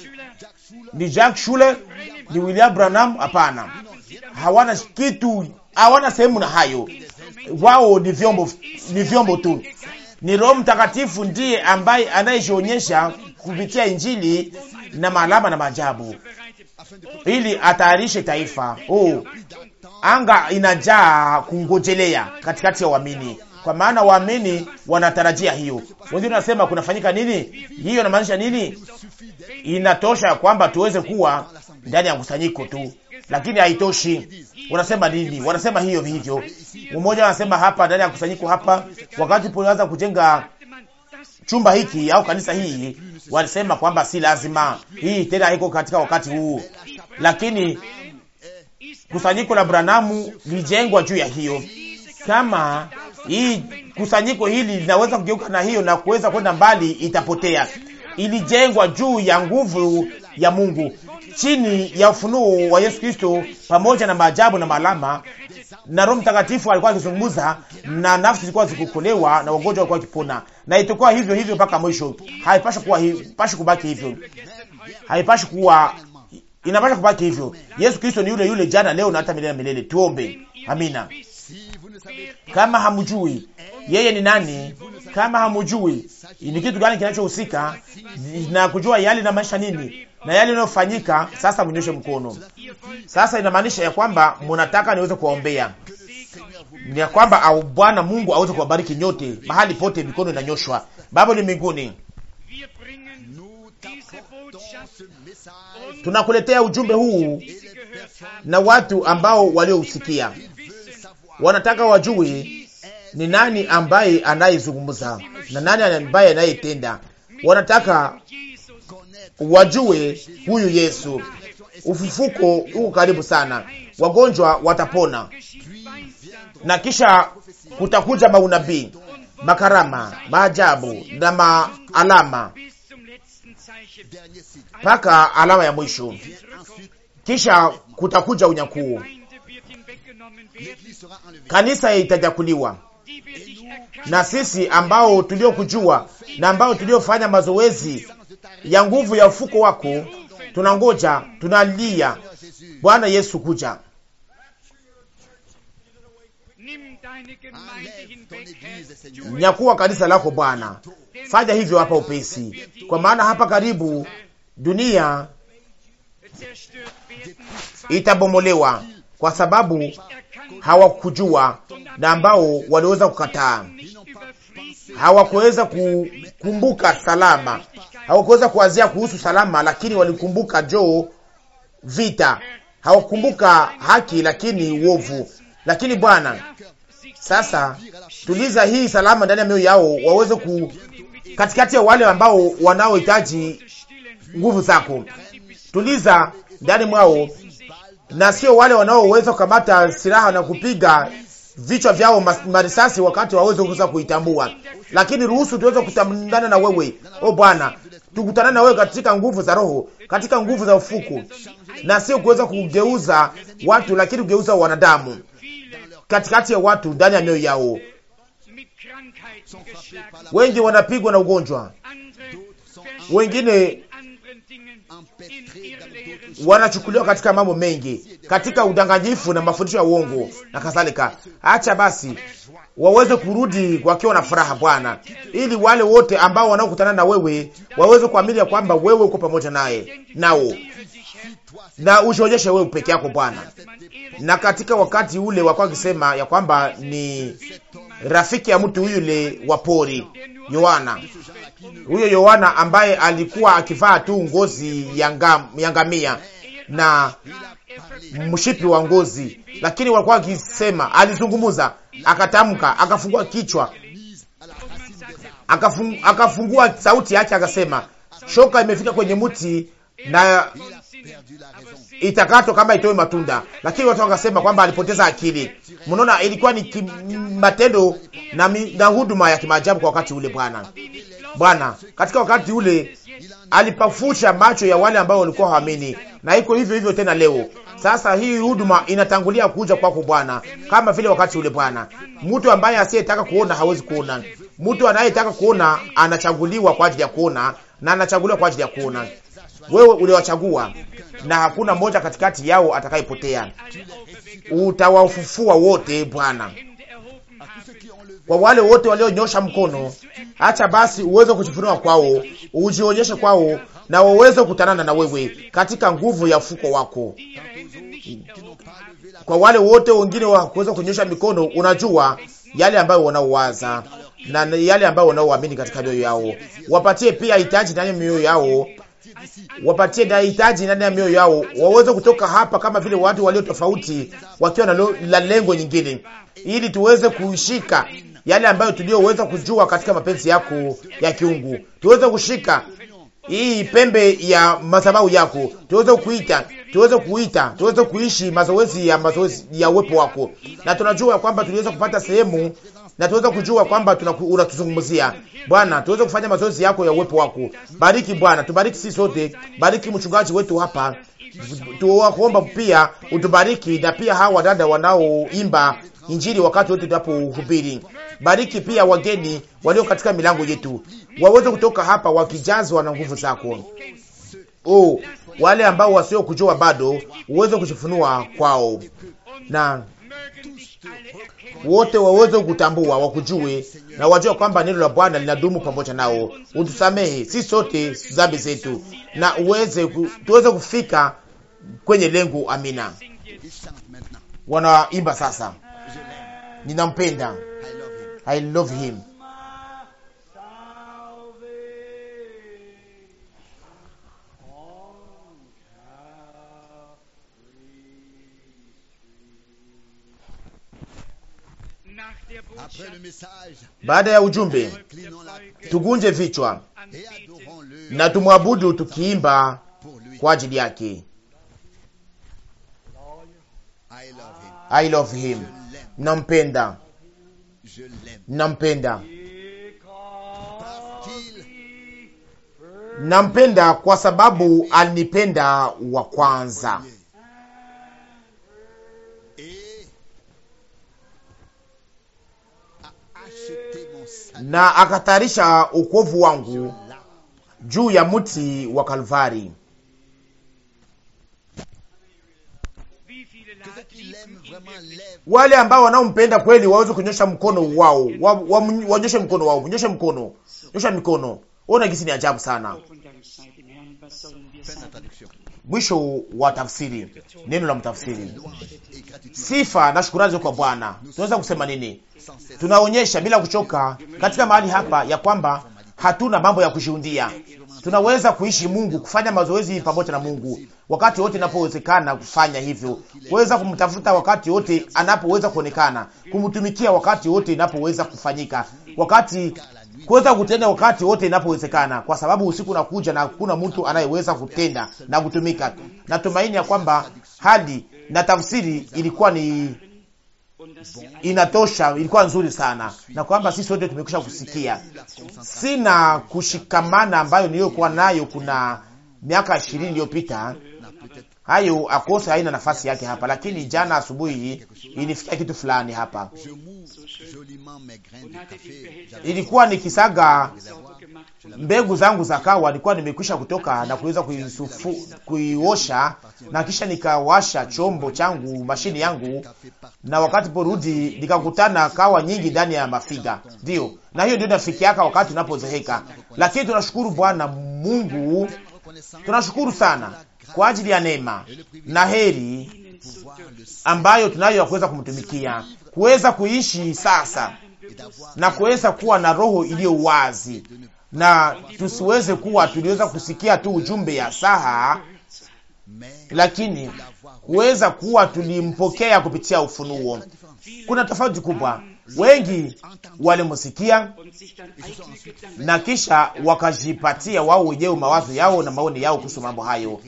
Ni Jack shule Ni William Branham? Hapana, hawana kitu, hawana sehemu na hayo. Wao ni vyombo, ni vyombo tu. Ni Roho Mtakatifu ndiye ambaye anayejionyesha kupitia Injili na maalama na maajabu, ili atayarishe taifa. Oh, anga inajaa kungojelea katikati ya waamini, kwa maana waamini wanatarajia hiyo. Wengine wanasema kunafanyika nini? Hiyo inamaanisha nini? Inatosha kwamba tuweze kuwa ndani ya mkusanyiko tu, lakini haitoshi. Wanasema nini? Wanasema hiyo hivyo. Mmoja anasema hapa ndani ya kusanyiko hapa, wakati poanza kujenga chumba hiki au kanisa hii, walisema kwamba si lazima hii tena, iko katika wakati huu, lakini kusanyiko la Branamu lilijengwa juu ya hiyo. Kama hii kusanyiko hili linaweza kugeuka na hiyo na kuweza kwenda mbali, itapotea. Ilijengwa juu ya nguvu ya Mungu chini ya ufunuo wa Yesu Kristo, pamoja na maajabu na maalama, na Roho Mtakatifu alikuwa akizungumza, na nafsi zilikuwa zikukolewa na wagonjwa walikuwa wakipona, na itakuwa hivyo hivyo mpaka mwisho. Haipashi kuwa haipashi kubaki hivyo, haipashi kuwa inapasha kubaki hivyo. Yesu Kristo ni yule yule jana, leo na hata milele milele. Tuombe. Amina. Kama hamjui yeye ni nani, kama hamjui ni kitu gani kinachohusika na kujua yale na maisha nini na yale yanayofanyika sasa, mnyoshe mkono sasa. Inamaanisha ya kwamba mnataka niweze kuwaombea ya kwamba au Bwana Mungu aweze kuwabariki nyote mahali pote, mikono inanyoshwa. Baba ni mbinguni Tunakuletea ujumbe huu na watu ambao waliousikia wanataka wajue ni nani ambaye anayezungumza na nani ambaye anayetenda. Wanataka wajue huyu Yesu. Ufufuko huko karibu sana, wagonjwa watapona, na kisha kutakuja maunabii, makarama, maajabu na maalama mpaka alama ya mwisho, kisha kutakuja unyakuo. Kanisa itanyakuliwa na sisi ambao tuliokujua na ambao tuliofanya mazoezi ya nguvu ya ufuko wako, tunangoja tunalia, Bwana Yesu kuja. Nyakuwa kanisa lako Bwana, fanya hivyo hapa upesi, kwa maana hapa karibu dunia itabomolewa kwa sababu hawakujua na ambao waliweza kukataa, hawakuweza kukumbuka salama, hawakuweza kuwazia kuhusu salama, lakini walikumbuka joo vita, hawakumbuka haki lakini uovu. Lakini Bwana sasa tuliza hii salama ndani ya mioyo yao, waweze ku katikati ya wale ambao wanaohitaji nguvu zako, tuliza ndani mwao, na sio wale wanaoweza kukamata silaha na kupiga vichwa vyao marisasi wakati waweze kuweza kuitambua, lakini ruhusu tuweze kutandana na wewe, o Bwana, tukutana na wewe katika nguvu za Roho, katika nguvu za ufuku, na sio kuweza kugeuza watu, lakini kugeuza wanadamu katikati ya watu, ndani ya mioyo yao. Wengi wanapigwa na ugonjwa, wengine wanachukuliwa katika mambo mengi, katika udanganyifu na mafundisho ya uongo na kadhalika. Acha basi waweze kurudi wakiwa na furaha, Bwana, ili wale wote ambao wanaokutana na wewe waweze kuamini ya kwamba wewe uko pamoja naye nao, na ujionyeshe wewe peke yako Bwana. Na katika wakati ule wakuwa akisema ya kwamba ni rafiki ya mtu yule wa pori Yohana, huyo Yohana ambaye alikuwa akivaa tu ngozi ya ngamia na mshipi wa ngozi, lakini walikuwa akisema, alizungumuza, akatamka, akafungua kichwa, akafungua sauti yake, akasema shoka imefika kwenye mti na itakatwa kama itoe matunda. Lakini watu wakasema kwamba alipoteza akili. Mnaona, ilikuwa ni matendo na, na huduma ya kimaajabu kwa wakati ule. Bwana Bwana katika wakati ule alipafusha macho ya wale ambao walikuwa hawaamini, na iko hivyo hivyo tena leo. Sasa hii huduma inatangulia kuja kwako Bwana, kama vile wakati ule Bwana. Mtu ambaye asiyetaka kuona hawezi kuona. Mtu anayetaka kuona anachaguliwa kwa ajili ya kuona, na anachaguliwa kwa ajili ya kuona. Wewe uliwachagua na hakuna mmoja katikati yao atakayepotea. Utawafufua wote Bwana. Kwa wale wote walionyosha mkono, acha basi uweze kujifunua kwao, ujionyeshe kwao, na waweze kutanana na wewe katika nguvu ya ufuko wako. Kwa wale wote wengine wakuweza kunyosha mikono, unajua yale ambayo wanaowaza na yale ambayo wanaoamini katika mioyo yao, wapatie pia hitaji ndani mioyo yao wapatie na hitaji ndani ya mioyo yao, waweze kutoka hapa kama vile watu walio tofauti, wakiwa na lengo nyingine, ili tuweze kushika yale ambayo tuliyoweza kujua katika mapenzi yako ya kiungu, tuweze kushika hii pembe ya madhabahu yako, tuweze kuita, tuweze kuita, tuweze kuishi mazoezi ya mazoezi ya uwepo wako, na tunajua kwamba tuliweza kupata sehemu na tuweze kujua kwamba unatuzungumzia Bwana, tuweze kufanya mazoezi yako ya uwepo wako. Bariki Bwana, tubariki sisi sote, bariki mchungaji wetu hapa, tuwakuomba pia utubariki, na pia hawa wadada wanaoimba injili wakati wote tunapo hubiri. Bariki pia wageni walio katika milango yetu, waweze kutoka hapa wakijazwa na nguvu zako. Oh, wale ambao wasiokujua bado uweze kujifunua kwao na wote waweze kutambua, wakujue na wajua kwamba neno la Bwana linadumu pamoja nao. Utusamehe si sote dhambi zetu, na uweze tuweze kufika kwenye lengo. Amina. Wanaimba sasa, ninampenda, I love him. Baada ya ujumbe, tugunje vichwa na tumwabudu tukiimba kwa ajili yake. I love him, nampenda, nampenda, nampenda kwa sababu alinipenda wa kwanza. na akatarisha ukovu wangu juu ya mti wa Kalvari. Wale ambao wanaompenda kweli waweze kunyosha mkono wao, wanyoshe mkono wao, nyoshe mkono, nyosha mikono. Ona gisi ni ajabu sana. Mwisho wa tafsiri, neno la mtafsiri. Sifa na shukurani kwa Bwana. Tunaweza kusema nini? tunaonyesha bila kuchoka katika mahali hapa ya kwamba hatuna mambo ya kushuhudia. Tunaweza kuishi Mungu, kufanya mazoezi pamoja na Mungu wakati wote inapowezekana, kufanya hivyo, kuweza kumtafuta wakati wote anapoweza kuonekana, kumtumikia wakati wote inapoweza kufanyika, wakati kuweza kutenda wakati wote inapowezekana, kwa sababu usiku unakuja na hakuna mtu anayeweza kutenda na kutumika. Natumaini ya kwamba hadi na tafsiri ilikuwa ni inatosha, ilikuwa nzuri sana, na kwamba sisi wote tumekwisha kusikia. Sina kushikamana ambayo niliyokuwa nayo kuna miaka ishirini iliyopita hayo akose haina nafasi yake hapa, lakini jana asubuhi ilifikia kitu fulani hapa. Ilikuwa nikisaga mbegu zangu za kawa, nilikuwa nimekwisha kutoka na kuweza kuiosha, na kisha nikawasha chombo changu, mashini yangu, na wakati porudi nikakutana kawa nyingi ndani ya mafiga. Ndio, na hiyo ndio nafikiaka wakati unapozeheka, lakini tunashukuru Bwana Mungu, tunashukuru sana kwa ajili ya neema na heri ambayo tunayo ya kuweza kumtumikia, kuweza kuishi sasa na kuweza kuwa na roho iliyo wazi, na tusiweze kuwa tuliweza kusikia tu ujumbe ya saha, lakini kuweza kuwa tulimpokea kupitia ufunuo. Kuna tofauti kubwa Wengi walimusikia na kisha wakajipatia wao wenyewe mawazo yao na maoni yao kuhusu mambo hayo,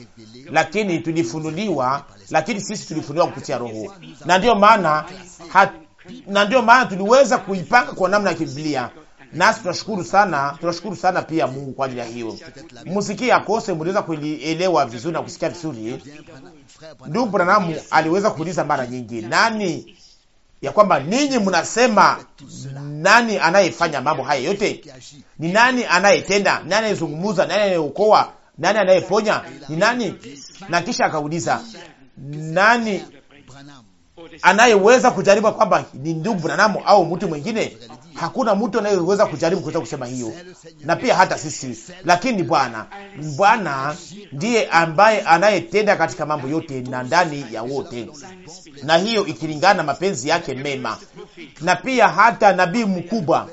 lakini tulifunuliwa, lakini sisi tulifunuliwa kupitia Roho, na ndio maana na ndio maana tuliweza kuipanga kwa namna ya kibiblia. Nasi tunashukuru sana, tunashukuru sana pia Mungu kwa ajili ya hiyo. Musikia akose, mliweza kuelewa vizuri na kusikia vizuri. Ndugu Branamu aliweza kuuliza mara nyingi, nani ya kwamba ninyi mnasema nani anayefanya mambo haya yote? Ni nani anayetenda? Nani anayezungumuza? Nani anayeokoa? Nani anayeponya? Ni nani? Na kisha akauliza nani anayeweza kujaribu kwamba ni ndugu Branamu au mtu mwingine? Hakuna mtu anayeweza kujaribu kuweza kusema hiyo, na pia hata sisi. Lakini Bwana, Bwana ndiye ambaye anayetenda katika mambo yote na ndani ya wote, na hiyo ikilingana na mapenzi yake mema. Na pia hata nabii mkubwa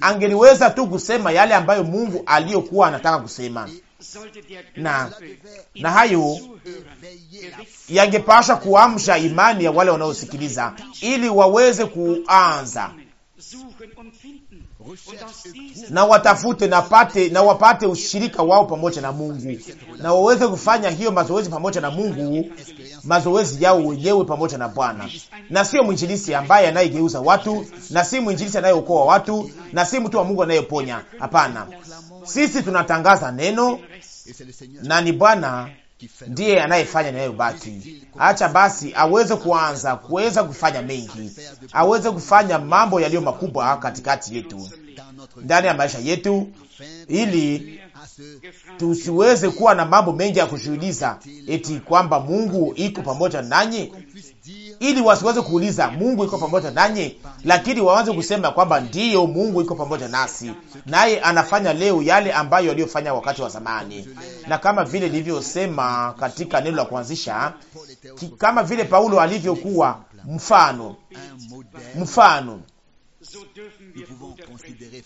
angeliweza tu kusema yale ambayo Mungu aliyokuwa anataka kusema na, na hayo yangepasha kuamsha imani ya wale wanaosikiliza ili waweze kuanza na watafute na pate, na wapate ushirika wao pamoja na Mungu, na waweze kufanya hiyo mazoezi pamoja na Mungu, mazoezi yao wenyewe pamoja na Bwana, na sio mwinjilisi ambaye anayegeuza watu, na si mwinjilisi anayeokoa watu, na si mtu wa Mungu anayeponya. Hapana, sisi tunatangaza neno na ni Bwana ndiye anayefanya naye ubaki. Acha basi aweze kuanza kuweza kufanya mengi, aweze kufanya mambo yaliyo makubwa katikati yetu, ndani ya maisha yetu, ili tusiweze kuwa na mambo mengi ya kushuhudiza eti kwamba Mungu iko pamoja nanyi, ili wasiweze kuuliza Mungu iko pamoja nanyi, lakini waanze kusema kwamba ndiyo, Mungu iko pamoja nasi, naye anafanya leo yale ambayo aliyofanya wakati wa zamani. Na kama vile nilivyosema katika neno la kuanzisha, kama vile Paulo alivyokuwa mfano mfano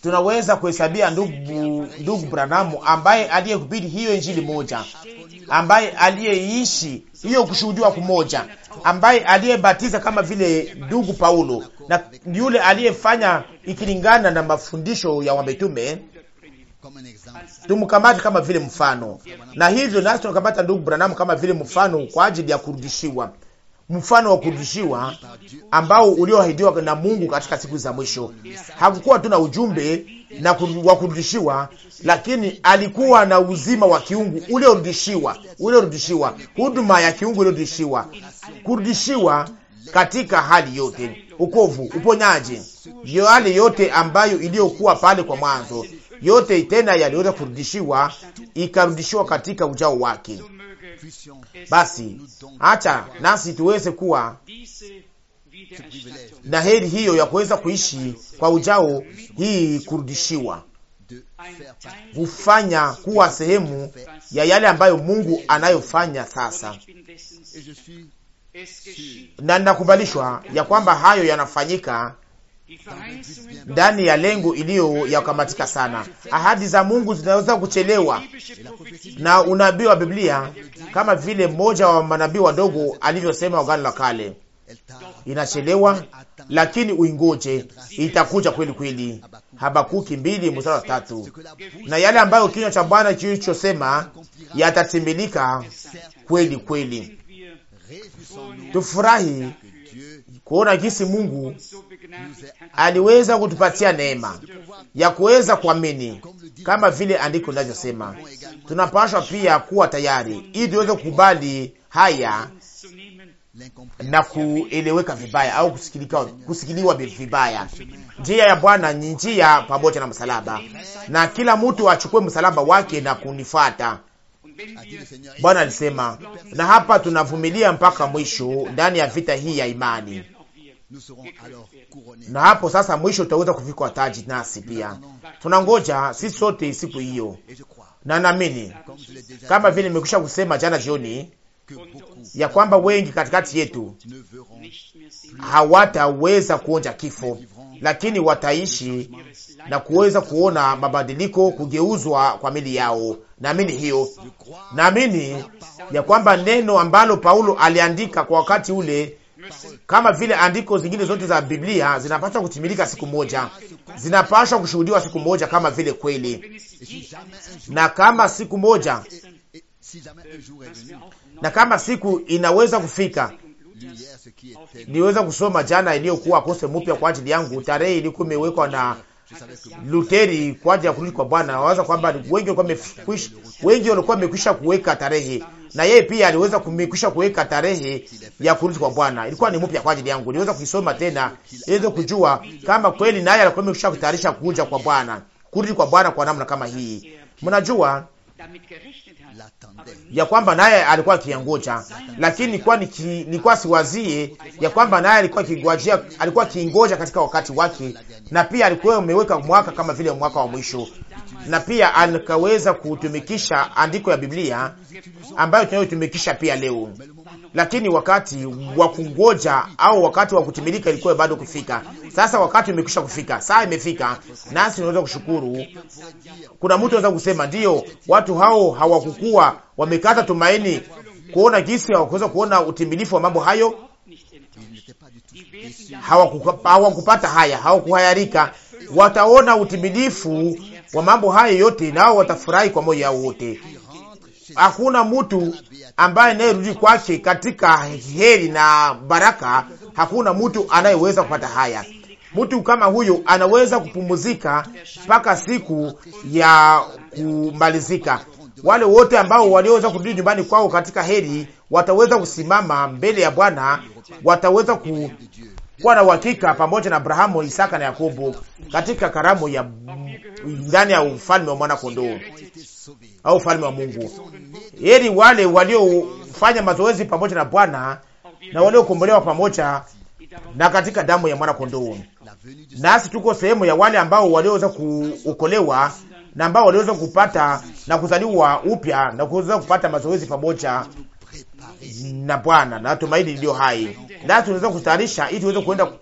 tunaweza kuhesabia ndugu, ndugu Branamu ambaye aliyehubiri hiyo injili moja, ambaye aliyeishi hiyo kushuhudiwa kumoja, ambaye aliyebatiza kama vile ndugu Paulo na yule aliyefanya ikilingana na mafundisho ya wametume. Tumkamate kama vile mfano, na hivyo nasi tunakamata ndugu Branamu kama vile mfano kwa ajili ya kurudishiwa mfano wa kurudishiwa ambao ulioahidiwa na Mungu katika siku za mwisho. Hakukuwa tu na ujumbe na wa kurudishiwa, lakini alikuwa na uzima wa kiungu uliorudishiwa, uliorudishiwa, huduma ya kiungu uliorudishiwa, kurudishiwa katika hali yote, ukovu, uponyaji, yale yote ambayo iliyokuwa pale kwa mwanzo, yote tena yaliweza kurudishiwa, ikarudishiwa katika ujao wake. Basi acha nasi tuweze kuwa na heri hiyo ya kuweza kuishi kwa ujao, hii kurudishiwa, kufanya kuwa sehemu ya yale ambayo Mungu anayofanya sasa, na ninakubalishwa ya kwamba hayo yanafanyika ndani ya lengo iliyo ya kukamatika sana. Ahadi za Mungu zinaweza kuchelewa na unabii wa Biblia, kama vile mmoja wa manabii wadogo alivyosema Agano la Kale, inachelewa lakini uingoje, itakuja kweli kweli. Habakuki mbili mstari wa tatu. Na yale ambayo kinywa cha Bwana kilichosema yatatimilika kweli kweli. Tufurahi kuona jinsi Mungu aliweza kutupatia neema ya kuweza kuamini kama vile andiko linavyosema. Tunapaswa pia kuwa tayari ili tuweze kukubali haya na kueleweka vibaya au kusikiliwa vibaya. Njia ya Bwana ni njia pamoja na msalaba, na kila mtu achukue msalaba wake na kunifata Bwana alisema, na hapa tunavumilia mpaka mwisho ndani ya vita hii ya imani na hapo sasa mwisho tutaweza kuvikwa taji nasi pia. Tunangoja sisi sote siku hiyo, na naamini kama vile nimekwisha kusema jana jioni ya kwamba wengi katikati yetu hawataweza kuonja kifo, lakini wataishi na kuweza kuona mabadiliko, kugeuzwa kwa mili yao. Naamini hiyo, naamini ya kwamba neno ambalo Paulo aliandika kwa wakati ule kama vile andiko zingine zote za Biblia zinapaswa kutimilika siku moja, zinapaswa kushuhudiwa siku moja, kama vile kweli, na kama siku moja, na kama siku inaweza kufika niweza kusoma jana iliyokuwa kose mupya kwa ajili yangu, tarehe ilikuwa imewekwa na Luteri kwa ajili ya kurudi kwa Bwana. Wawaza kwamba wengi walikuwa wengi walikuwa wamekwisha kuweka tarehe, na yeye pia aliweza kumekwisha kuweka tarehe ya kurudi kwa Bwana. Ilikuwa ni mpya kwa ajili yangu, niweza kuisoma tena ili kujua kama kweli naye alikuwa amekwisha kutayarisha kuja kwa Bwana, kurudi kwa Bwana kwa namna kama hii. Mnajua ya kwamba naye alikuwa akiangoja, lakini nilikuwa nilikuwa siwazie ya kwamba naye alikuwa kingojea, alikuwa kiingoja katika wakati wake, na pia alikuwa ameweka mwaka kama vile mwaka wa mwisho, na pia alikaweza kutumikisha andiko ya Biblia ambayo tunayotumikisha pia leo lakini wakati wa kungoja au wakati wa kutimilika ilikuwa bado kufika. Sasa wakati umekwisha kufika, saa imefika, nasi tunaweza kushukuru. Kuna mtu anaweza kusema ndio, watu hao hawakukua, wamekata tumaini kuona jinsi, hawakuweza kuona utimilifu wa mambo hayo, hawakupata haya, hawakuhayarika. Wataona utimilifu wa mambo hayo yote, nao watafurahi kwa moyo yao wote hakuna mtu ambaye anayerudi kwake katika heri na baraka, hakuna mtu anayeweza kupata haya. Mtu kama huyo anaweza kupumuzika mpaka siku ya kumalizika. Wale wote ambao walioweza kurudi nyumbani kwao katika heri wataweza kusimama mbele ya Bwana, wataweza ku kuwa na uhakika pamoja na Abrahamu, Isaka na Yakobo katika karamu ya ndani ya ufalme wa mwana kondoo au ufalme wa Mungu. Heri wale waliofanya mazoezi pamoja na Bwana na waliokombolewa pamoja na katika damu ya mwana kondoo. Nasi tuko sehemu ya wale ambao walioweza kuokolewa na ambao waliweza kupata na kuzaliwa upya na kuweza kupata mazoezi pamoja na Bwana na tumaini lililo hai. Nasi tunaweza kutayarisha ili tuweze kuenda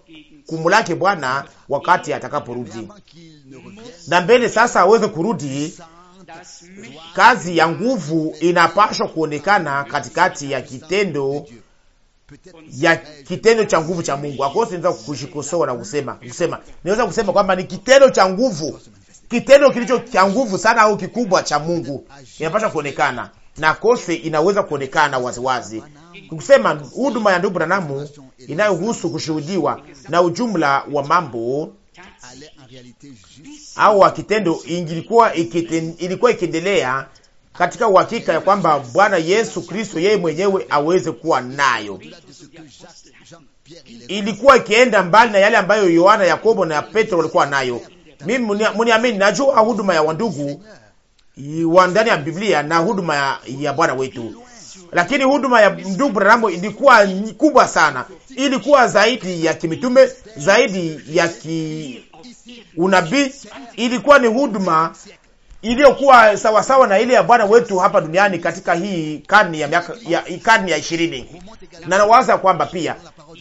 kumulaki Bwana wakati atakaporudi, na mbele sasa aweze kurudi Kazi ya nguvu inapaswa kuonekana katikati ya kitendo ya kitendo cha nguvu cha Mungu. Akose naweza kushikosoa na kusema kusema, niweza kusema kwamba ni kitendo cha nguvu, kitendo kilicho cha nguvu sana au kikubwa cha Mungu inapaswa kuonekana, na kose inaweza kuonekana waziwazi kusema huduma ya ndugu Branamu inayohusu kushuhudiwa na ujumla wa mambo au wa kitendo ingilikuwa ilikuwa ikiendelea katika uhakika ya kwamba Bwana Yesu Kristo yeye mwenyewe aweze kuwa nayo. Ilikuwa ikienda mbali na yale ambayo Yohana, Yakobo na Petro walikuwa nayo. Mimi mniamini, najua huduma ya wandugu wa ndani ya Biblia na huduma ya, ya Bwana wetu, lakini huduma ya ndugu Branamu ilikuwa kubwa sana, ilikuwa zaidi ya kimitume, zaidi ya ki unabii ilikuwa ni huduma iliyokuwa sawasawa na ile ya Bwana wetu hapa duniani katika hii karni ya miaka ya karni ya ishirini, na nawaza kwamba pia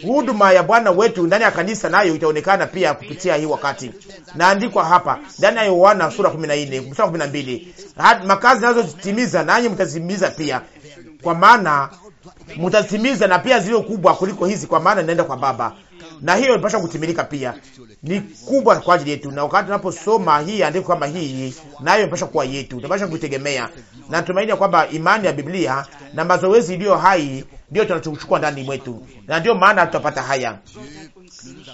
huduma ya Bwana wetu ndani ya kanisa nayo itaonekana pia kupitia hii wakati. Naandikwa hapa ndani ya Yohana sura 14 mstari 12, makazi nazozitimiza nanyi mtazitimiza pia, kwa maana mtazitimiza na pia zilizo kubwa kuliko hizi, kwa maana naenda kwa Baba na hiyo inapaswa kutimilika pia, ni kubwa kwa ajili yetu. Na wakati tunaposoma hii andiko kama hii, nayo inapaswa kuwa yetu, tunapaswa kuitegemea na tumaini kwamba imani ya Biblia na mazoezi iliyo hai ndio tunachochukua ndani mwetu, na ndio maana tutapata haya.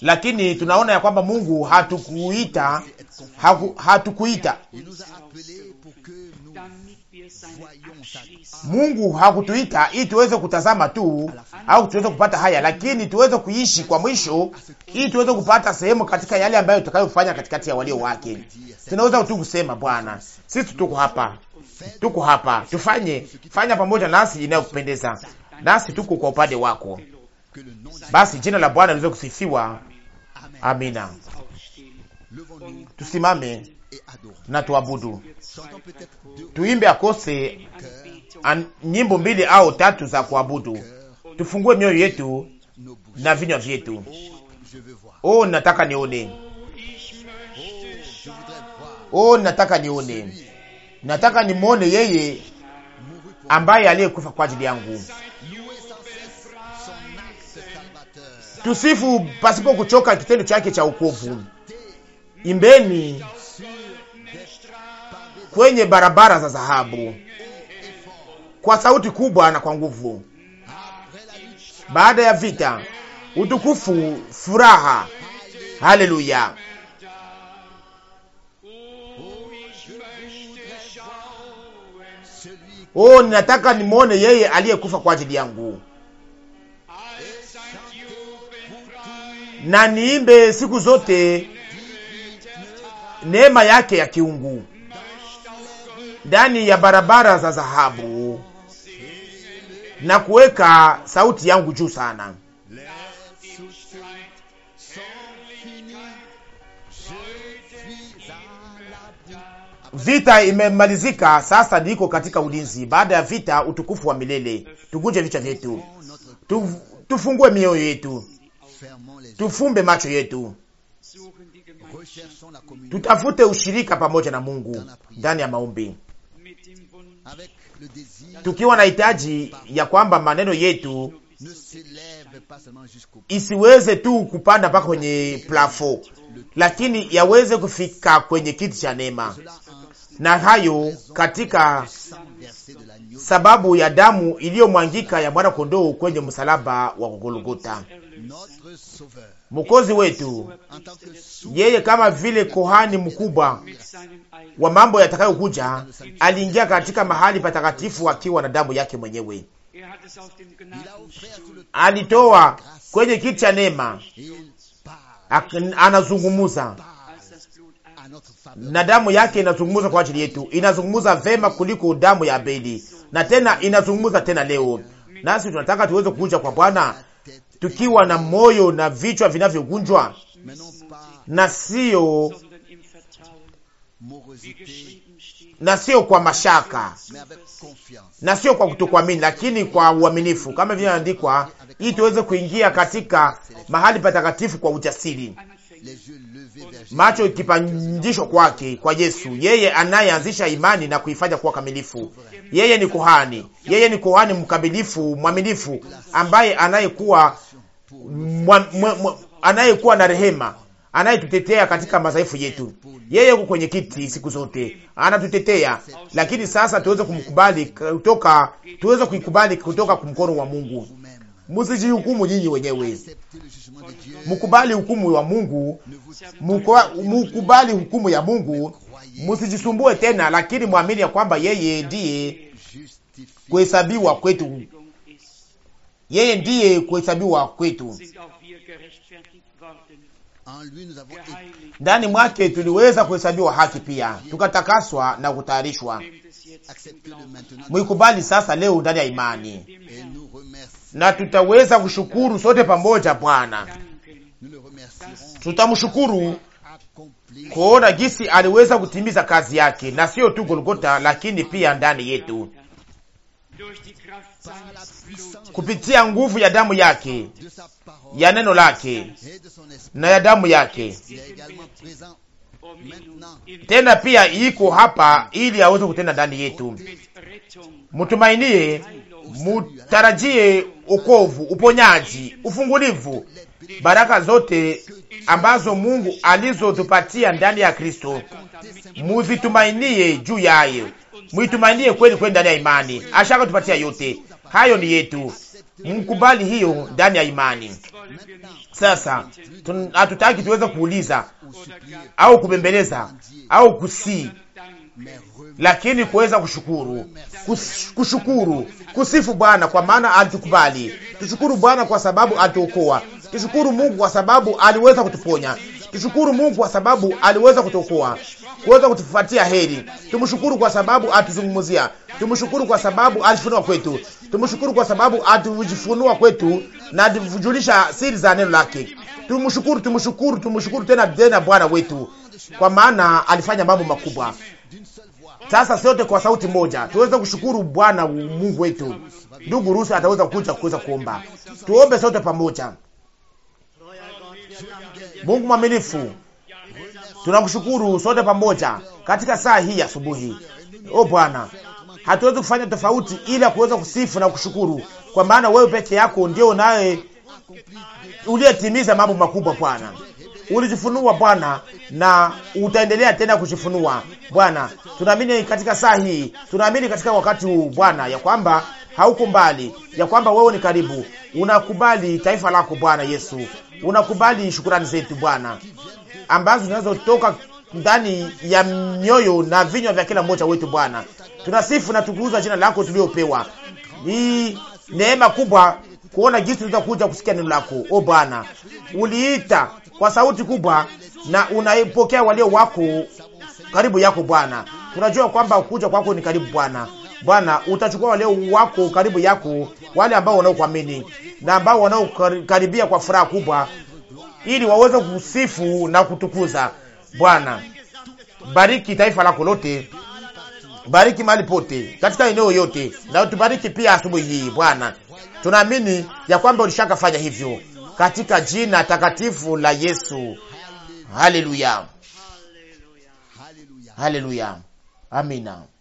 Lakini tunaona ya kwamba Mungu hatukuita, hatukuita Mungu hakutuita ili tuweze kutazama tu au tuweze kupata haya, lakini tuweze kuishi kwa mwisho, ili tuweze kupata sehemu katika yale ambayo tutakayofanya katikati ya walio wake. Tunaweza tu kusema Bwana, sisi tuko hapa, tuko hapa, tufanye fanya pamoja nasi inayokupendeza, nasi tuko kwa upande wako. Basi jina la Bwana liweze kusifiwa. Amina. Tusimame na tuabudu tuimbe akose an, nyimbo mbili au tatu za kuabudu. Tufungue mioyo yetu na vinywa vyetu. Oh, nataka nione, oh, nataka nione, nataka nimwone yeye ambaye aliyekufa kwa ajili yangu. Tusifu pasipo kuchoka kitendo chake cha ukovu. Imbeni kwenye barabara za dhahabu kwa sauti kubwa na kwa nguvu. Baada ya vita, utukufu, furaha. Haleluya! Oh, ninataka nimwone yeye aliyekufa kwa ajili yangu, na niimbe siku zote neema yake ya kiungu ndani ya barabara za dhahabu na kuweka sauti yangu juu sana. Vita imemalizika, sasa niko katika ulinzi. Baada ya vita, utukufu wa milele. tugunje vichwa vyetu, tufungue mioyo yetu, tufumbe macho yetu, tutafute ushirika pamoja na Mungu ndani ya maombi tukiwa na hitaji ya kwamba maneno yetu isiweze tu kupanda mpaka kwenye plafo, lakini yaweze kufika kwenye kiti cha neema, na hayo katika sababu ya damu iliyomwangika ya mwana kondoo kwenye msalaba wa Golgota. Mwokozi wetu, yeye kama vile kohani mkubwa wa mambo yatakayokuja, aliingia katika mahali patakatifu akiwa na damu yake mwenyewe. Alitoa kwenye kiti cha neema, anazungumuza na damu yake inazungumuza kwa ajili yetu, inazungumuza vema kuliko damu ya Abeli, na tena inazungumuza tena leo. Nasi tunataka tuweze kuja kwa Bwana tukiwa na moyo na vichwa vinavyogunjwa na sio na sio kwa mashaka na sio kwa kutokuamini, lakini kwa uaminifu, kama vile ili tuweze kuingia katika mahali patakatifu kwa ujasiri macho ikipandishwa kwake kwa Yesu, yeye anayeanzisha imani na kuifanya kuwa kamilifu. Yeye ni kuhani, yeye ni kuhani mkamilifu, mwaminifu, ambaye anayekuwa anayekuwa na rehema, anayetutetea katika madhaifu yetu. Yeye yuko kwenye kiti siku zote anatutetea, lakini sasa tuweze kumkubali kutoka, tuweze kuikubali kutoka kumkono wa Mungu musijihukumu nyinyi wenyewe, mukubali hukumu wa Mungu, mukubali hukumu ya Mungu. musijisumbue tena, lakini mwamini ya kwamba yeye ndiye kuhesabiwa kwetu, yeye ndiye kuhesabiwa kwetu. Ndani mwake tuliweza kuhesabiwa haki pia, tukatakaswa na kutayarishwa. Mwikubali sasa leo ndani ya imani na tutaweza kushukuru sote pamoja. Bwana, tutamshukuru kuona jinsi aliweza kutimiza kazi yake, na sio tu Golgota, lakini pia ndani yetu kupitia nguvu ya damu yake ya neno lake na ya damu yake. Tena pia iko hapa ili aweze kutenda ndani yetu. Mutumainie, mutarajie ukovu, uponyaji, ufungulivu, baraka zote ambazo Mungu alizotupatia ndani ya Kristo, muzitumainie juu yayo, mwitumainie kweli kweli ndani ya imani. Ashaka tupatia yote hayo, ni yetu, mkubali hiyo ndani ya imani. Sasa hatutaki tuweze kuuliza au kubembeleza au kusii lakini kuweza kushukuru kus, kushukuru kusifu Bwana kwa maana alitukubali. Tushukuru Bwana kwa sababu alituokoa. Tushukuru Mungu kwa sababu aliweza kutuponya. Tushukuru Mungu kwa sababu aliweza kutuokoa, kuweza kutufuatia heri. Tumshukuru kwa sababu atuzungumzia. Tumshukuru kwa sababu alifunua kwetu. Tumshukuru kwa sababu atujifunua kwetu na atujulisha siri za neno lake. Tumshukuru, tumshukuru, tumshukuru tena tena Bwana wetu, kwa maana alifanya mambo makubwa. Sasa sote kwa sauti moja tuweze kushukuru Bwana Mungu wetu. Ndugu Rusi ataweza kuja kuweza kuomba. Tuombe sote pamoja. Mungu mwaminifu, tunakushukuru sote pamoja katika saa hii asubuhi. O Bwana, hatuwezi kufanya tofauti ila kuweza kusifu na kushukuru, kwa maana wewe peke yako ndio naye uliyetimiza mambo makubwa Bwana ulijifunua Bwana, na utaendelea tena kujifunua Bwana. Tunaamini katika saa hii, tunaamini katika wakati huu Bwana, ya kwamba hauko mbali, ya kwamba wewe ni karibu. Unakubali taifa lako Bwana Yesu, unakubali shukurani zetu Bwana, ambazo zinazotoka ndani ya mioyo na vinywa vya kila mmoja wetu Bwana. Tunasifu na tukuuza jina lako tuliopewa. Hii neema kubwa kuona jinsi tutakuja kusikia neno lako. O Bwana, uliita kwa sauti kubwa, na unaipokea walio wako karibu yako Bwana. Tunajua kwamba kuja kwako ni karibu Bwana. Bwana, utachukua walio wako karibu yako, wale ambao wanaokuamini na ambao wanaokaribia kwa furaha kubwa, ili waweze kusifu na kutukuza Bwana. Bariki taifa lako lote, bariki mali pote, katika eneo yote, na utubariki pia asubuhi hii Bwana. Tunaamini ya kwamba ulishakafanya hivyo katika jina takatifu la Yesu. Haleluya, haleluya, amina.